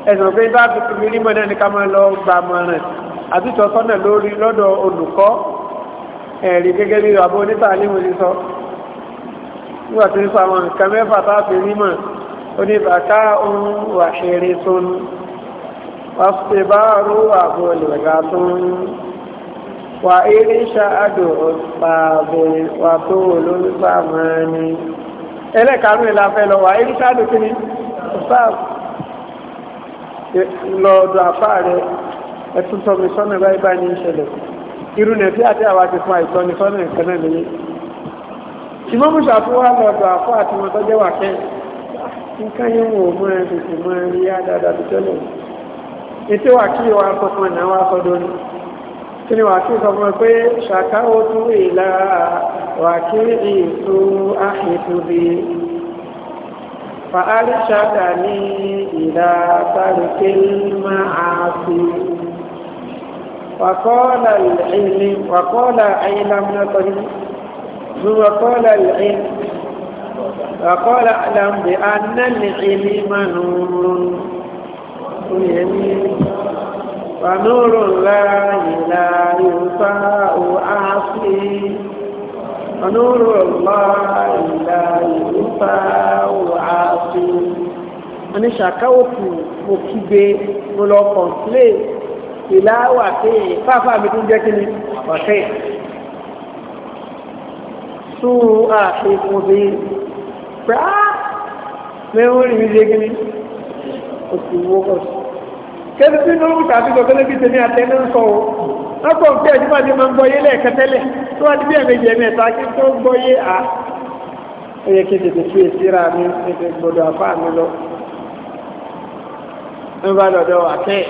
S1: ẹ̀sùn pé bá tuntun mi rí mọ́ náà ní ká máa lọ gbà mọ́ràn àtúntò sọ́nà lórí lọ́dọ̀ olùkọ́ ẹ̀rí gẹ́gẹ́ bí àbọ̀ oníta ní mo ti sọ nígbà tí ń sọ àwọn nǹkan mẹ́fà táàfin nímọ̀ oníbàká ohun wà ṣeré tún wà ṣe bá rú àbò lẹ̀gà tún wà eré ṣáàdù pààbò wà tó olólùfà máa ní ẹlẹ́kàánú ìlàfẹ́ lọ wà eré ṣáàdù kí ni lọ́ọ̀dọ̀ àfáà rẹ̀ ẹ̀tún tọ́mi sọ́nà báyìí báyìí ní ìṣẹ̀lẹ̀ irúnẹ̀ tí àti àwọn àti fún àìsàn ní sọ́nà ìkan náà nìyí ṣùgbọ́n mú ṣàfihàn lọ́dọ̀ àfọ́ àti wọn tọ́jẹ́ wà kẹ́ nǹkan yẹn wò mọ́ ẹ tètè mọ́ ẹ rí àdáadáa tó tẹ́lẹ̀ ètò wà kí wàá sọ fún ẹ̀nà وقال العلم وقال أعلم من قريب العلم وقال اعلم بأن العلم نور ونور الله لا يطاع عاصي ونور الله لا يطاع عاصي أنا شكوت وكبي ولو كومبليت ìláwà pé fáfá mi tún jẹ́ kí ni ọ̀tẹ́ tún àfihàn bí pé á mẹ́wọ́n rí mi jẹ́ kí ni oṣù wọ́pọ̀ kẹ́sì tí ló ń ta àti sọ̀tọ́ lébi tèmi àtẹnu ń sọ o lọ́pọ̀ òkè ẹ̀jú bá ti máa ń gbọ́ yé lẹ́ẹ̀kan tẹ́lẹ̀ tó wá ní bí ẹ̀mejì ẹ̀mí ẹ̀ta kí tó gbọ́ yé à ó yẹ kí tètè fi èsìra mi tètè gbọdọ̀ àfáà mi lọ ń bá lọ́dọ̀ àkẹ́ẹ̀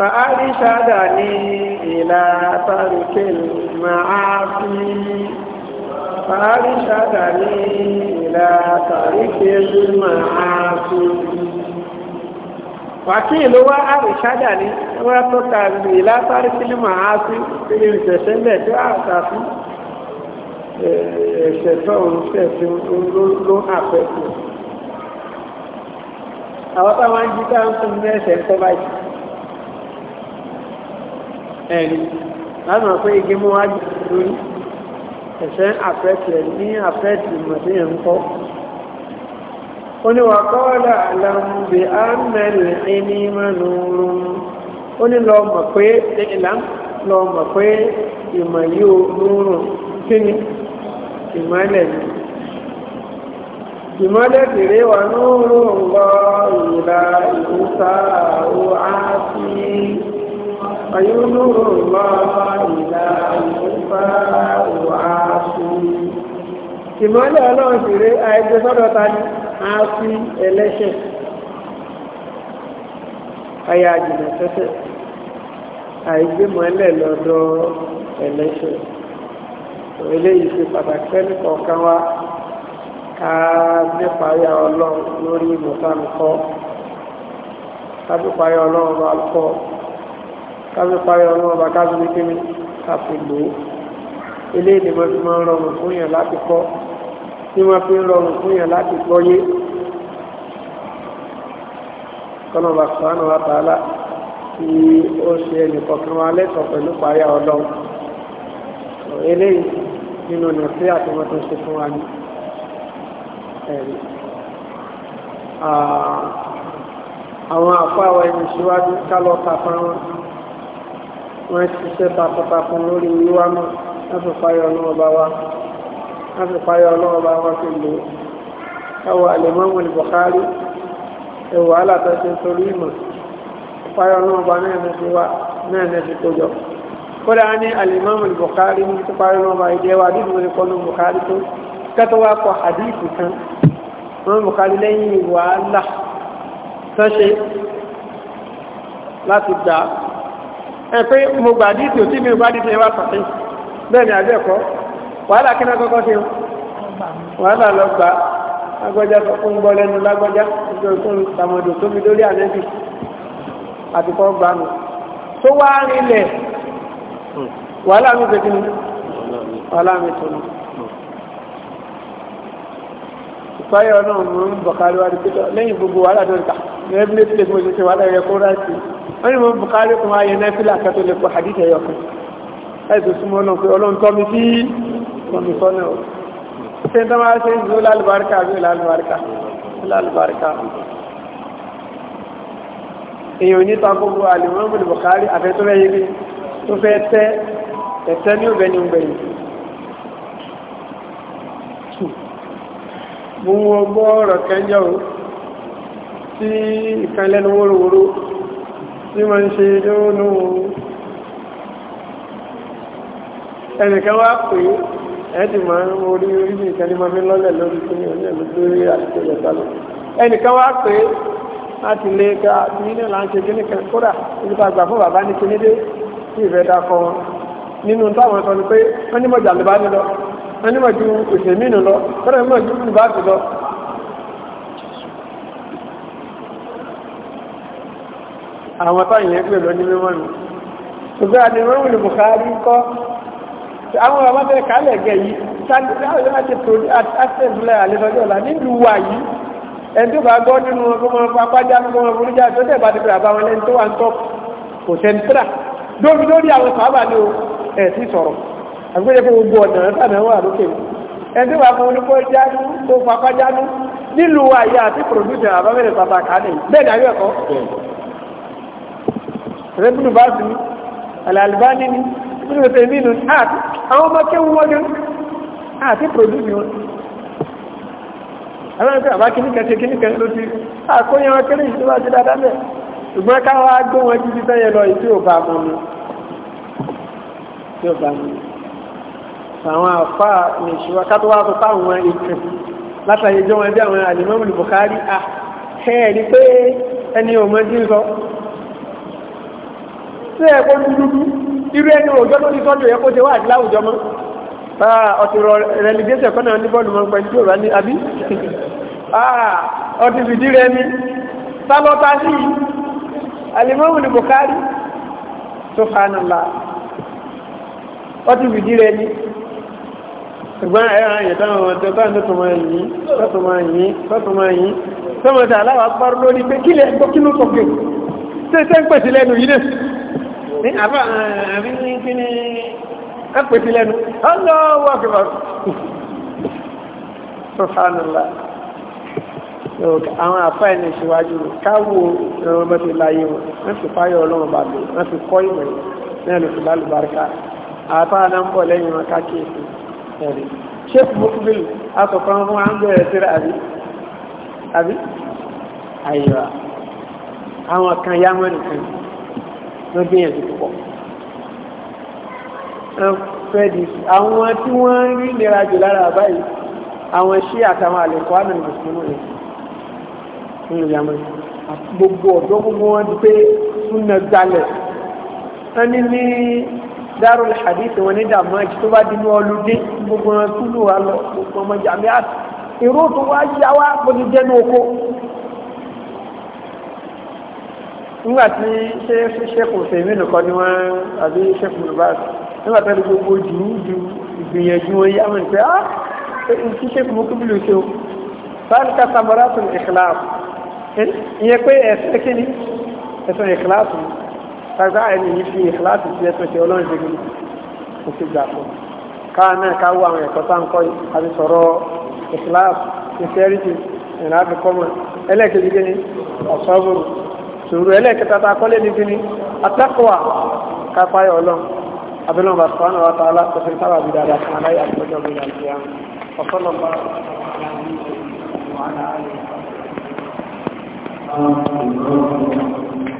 S1: fàárí ṣáàdà ní ìlà tàrùkẹ́ màáfí fàárí ṣáàdà ní ìlà tàrùkẹ́ màáfí wàkíìlú wá àrìṣádà ní wọ́n tó tàbí látàrí sílímà á sí ilé ìṣẹ̀ṣẹ̀ ń bẹ̀ tó àtàfí ẹ̀ṣẹ̀tọ́ òṣìṣẹ́ tí ló àfẹ́kù àwọn táwọn jíta ẹ̀rí láti mọ̀ igi mú wá lórí ẹ̀sẹ̀ àfẹ́tì ẹ̀ ní àfẹ́tì mọ̀tí ẹ̀ ń kọ́ ó kọ́ọ̀lá àlàmùbẹ̀ àmẹ́lẹ̀ Onye ní lọ ndị lọ tèrè wà nínú lọ ìlà ìrúsà ó فينور الله إلى الكفار وعاصي ìmọ́lẹ̀ ọlọ́run sì rí àìjẹ sọ́dọ̀ ta ní a fi ẹlẹ́ṣẹ̀ ayé àjìnà tẹ́tẹ́ àìgbé mọ́lẹ̀ lọ́dọ̀ ẹlẹ́ṣẹ̀ eléyìí ṣe pàtàkì fẹ́ni kọ̀ọ̀kan wa ká nípa ayé ọlọ́run lórí ìmọ̀tánukọ́ tábí parí káfí parí ọlọ́run ọba káfí ní kíni káfí lò ó eléyìí mo fi máa ń rọrùn fún yàn láti kọ́ tí wọ́n fi ń rọrùn fún yàn láti gbọ́ yé kọ́nà ọba sọ̀rọ̀ wa tààlà tí ó ṣe ẹnìkọ̀kan wa lẹ́tọ̀ọ́ pẹ̀lú parí ọlọ́run eléyìí nínú ọ̀nà tí àtọmọ tó ṣe fún wa ní ẹ̀rí àwọn àfáwọ̀ ẹni síwájú kálọ̀ kàfá wọ́n ṣiṣẹ́ takuntakun lórí wíwá mọ́ láti payọ̀ ọlọ́wọ́ bá wá láti payọ̀ ọlọ́wọ́ bá wá fi lò ẹwà àlẹ́mọ́mù Bukhari ẹwà alátọ́sí torí ìmọ̀ payọ̀ ọlọ́wọ́ bá náà ní ti wá náà ní ti tó jọ kódà ní àlẹ́mọ́mù Bukhari ní ti payọ̀ ọlọ́wọ́ bá ìdí ẹwà dídùn ní kọ́nù Bukhari tó kẹ́tọ́ wá kọ hadith kan wọ́n Bukhari lẹ́yìn wàhálà tọ́ṣe láti gbà ẹ pé mo gbà dí tò tí mi gbà dí tò yẹn wá wàhálà kí na kọ́kọ́ si o wàhálà lọ gbà lágbọ́já sọ fún gbọ́ lẹ́nu lágbọ́já nítorí fún tàmọ̀dò tó àtìkọ́ gbà mí tó wá rinlẹ̀ wàhálà mi wàhálà ní. ìpáyọ̀ ẹgbẹ́ tí mo ṣe ṣe wà lẹ́yẹ kó ráìtì wọ́n ní mo bùkárí kún ayé nẹ́fílà kẹtó lè kó hadith ẹ̀yọ kan ẹ̀sùn súnmọ́ náà pé ọlọ́run tọ́ mi sí ọmọ sọ́nà o ṣe ń tọ́ máa ṣe ń zó lálùbáríkà àbí lálùbáríkà lálùbáríkà èèyàn ní ta gbogbo àlèmọ́ bùn bùkárí àfẹ́tọ́ rẹ̀ yìí tó fẹ́ tẹ́ ẹ̀tẹ́ ní òbẹ́ ní gbẹ̀yìn mo ń wọ gbọ́ ọ̀rọ̀ kẹ́ńjọ́ o sí ìkan lẹ́nu wórówóró tí wọ́n ń ṣe lóòrùn ẹnìkan wá pè é ti máa ń orí orí ní ìkan ní máa fi lọ́lẹ̀ lórí tí ní oní ẹ̀mí lórí àti ìjọba lọ ẹnìkan wá pè é láti lè ga nínú là ń ṣe kíní kan kódà ibi tá a gbà táwọn sọ ni pé wọ́n ní mọ̀ jàlùbá ni lọ wọ́n ní mọ̀ ju òṣèmínú lọ wọ́n ní mọ̀ ju lọ àwọn tó yẹn pè lọ ní mímọ́ nù ṣùgbọ́n àti mọ́mù ní Bukhari kọ́ àwọn ọmọ fẹ́ kálẹ̀ gẹ̀ yìí sáàlì ẹni tó bá gbọ́ nínú ọgbọ́n ọmọ apájá ọgbọ́n ọmọ oríjà tó tẹ̀ bá ti pèrè àbáwọn ẹni tó wà ń tọ́ kò sẹ́ńtírà lórí lórí àwọn sàábà ní ẹ̀sí sọ̀rọ̀ àgbẹ́jẹ́ fún gbogbo ọ̀nà ẹ̀sànà wà lókè ẹni tó bá fún onípọ̀ jánú tó fapá jánú nílùú àyà àti pòròdúsẹ̀ rẹ́bùnù bá sí ní alàlùbáni ní ìpínlẹ̀ òtẹ̀ nínú àti àwọn ọmọ kéwú wọ́n ní àti pòdúsì wọn àwọn ẹgbẹ́ àbá kìníkẹ́ ṣe kìníkẹ́ ló ti àkóyẹ wọn kéré ìṣúwà sí dáadáa bẹ́ẹ̀ ṣùgbọ́n káwá gbé wọn jíjí sẹ́yẹ lọ ìtí ò bá mọ́ mi tí ò bá mọ́ mi àwọn àfá ní ìṣúwà ká tó wá sọ fáwọn ìkẹ́ látàyẹjọ́ wọn bí àwọn àlìmọ́mù Bukhari à ẹ̀ ní pé ẹni ò mọ́ jí ń sọ sí ẹ̀kọ́ dúdú irú ẹni òjò ló ní sọ́dọ̀ ẹ̀kọ́ ṣe wà láwùjọ mọ́ ọ̀tọ̀rọ̀ rẹ̀lìgẹ́sẹ̀ kọ́ náà ní bọ́ọ̀lù mọ́ pẹ̀lú òrà ní àbí ọtí fìdí rẹ̀ ní sálọ́tà sí alimọ́wù ní Bukhari subhanallah ọtí fìdí rẹ̀ ní ṣùgbọ́n ẹ̀rọ ayẹ̀ táwọn ọmọ tó tó tó máa yìí tó tó máa yìí tó tó máa yìí tó máa tà aláwọ̀ apárò lórí pé kílẹ̀ ẹ̀kọ́ kí ló sọ̀gbẹ̀ ní àbá àmì ní kí ni kápẹ́sí lẹ́nu Allahu akbar subhanallah àwọn àfáà ní ìṣíwájú káwò ẹran mẹ́fì láyé wọn wọ́n ti fáyọ̀ ọlọ́run bá lè wọ́n ti kọ́ ìmọ̀ náà lè fi lálùbáríkà àfáà náà ń bọ̀ lẹ́yìn wọn káàkiri ẹ̀rí sheikh mokbil asọ̀kan fún àńgbẹ̀rẹ̀ sí àbí àbí àyíwá àwọn kan yá mọ́ nìkan wọ́n gbìyànjú púpọ̀ àwọn tí wọ́n rí ìlera jù lára báyìí àwọn iṣẹ́ àtàwọn àlẹ́kọ́ àmì mùsùlùmí rẹ̀ nínú ìyàmọ́ gbogbo ọ̀dọ́ gbogbo wọn di pé súnà gbalẹ̀ wọ́n ní ní Darul Hadith wọn ní dààmú ẹ̀jẹ̀ tó bá dínú ọlùdé gbogbo wọn kúlù wa lọ gbogbo ọmọ jàmíà ìró tó wá yá wá bó ti jẹ́nu oko nígbà tí ṣé ṣẹ́kù tèmi nìkan ni wọ́n àbí ṣẹ́kù lùbá nígbà tó gbogbo jù ú ju ìgbìyànjú wọn yá wọn pé á ti ṣẹ́kù mú kíbìlì ṣe o sáàlùkà samara tún ìkìláàsì ìyẹn pé ẹ̀sẹ̀ kí ni ẹ̀sẹ̀ ìkìláàsì tàbí ẹni yìí fi ìkìláàsì sí ẹ̀sẹ̀ ṣe ọlọ́run ṣe gbogbo kò sí gbà fún káà náà ká wọ àwọn ẹ̀kọ́ tá sùúrù ẹlẹ́ẹ̀kẹta ta kọ́lé ní kíní atákọ̀wà kápáyọ̀ ọlọ́run abẹ́lẹ́ ọba sọ́nà wa ta alákọ̀ọ́sẹ̀ sábà bí dáadáa fún aláyà àtọ́jọ́ bí dáadáa ọ̀sọ́nà bá
S2: Thank you.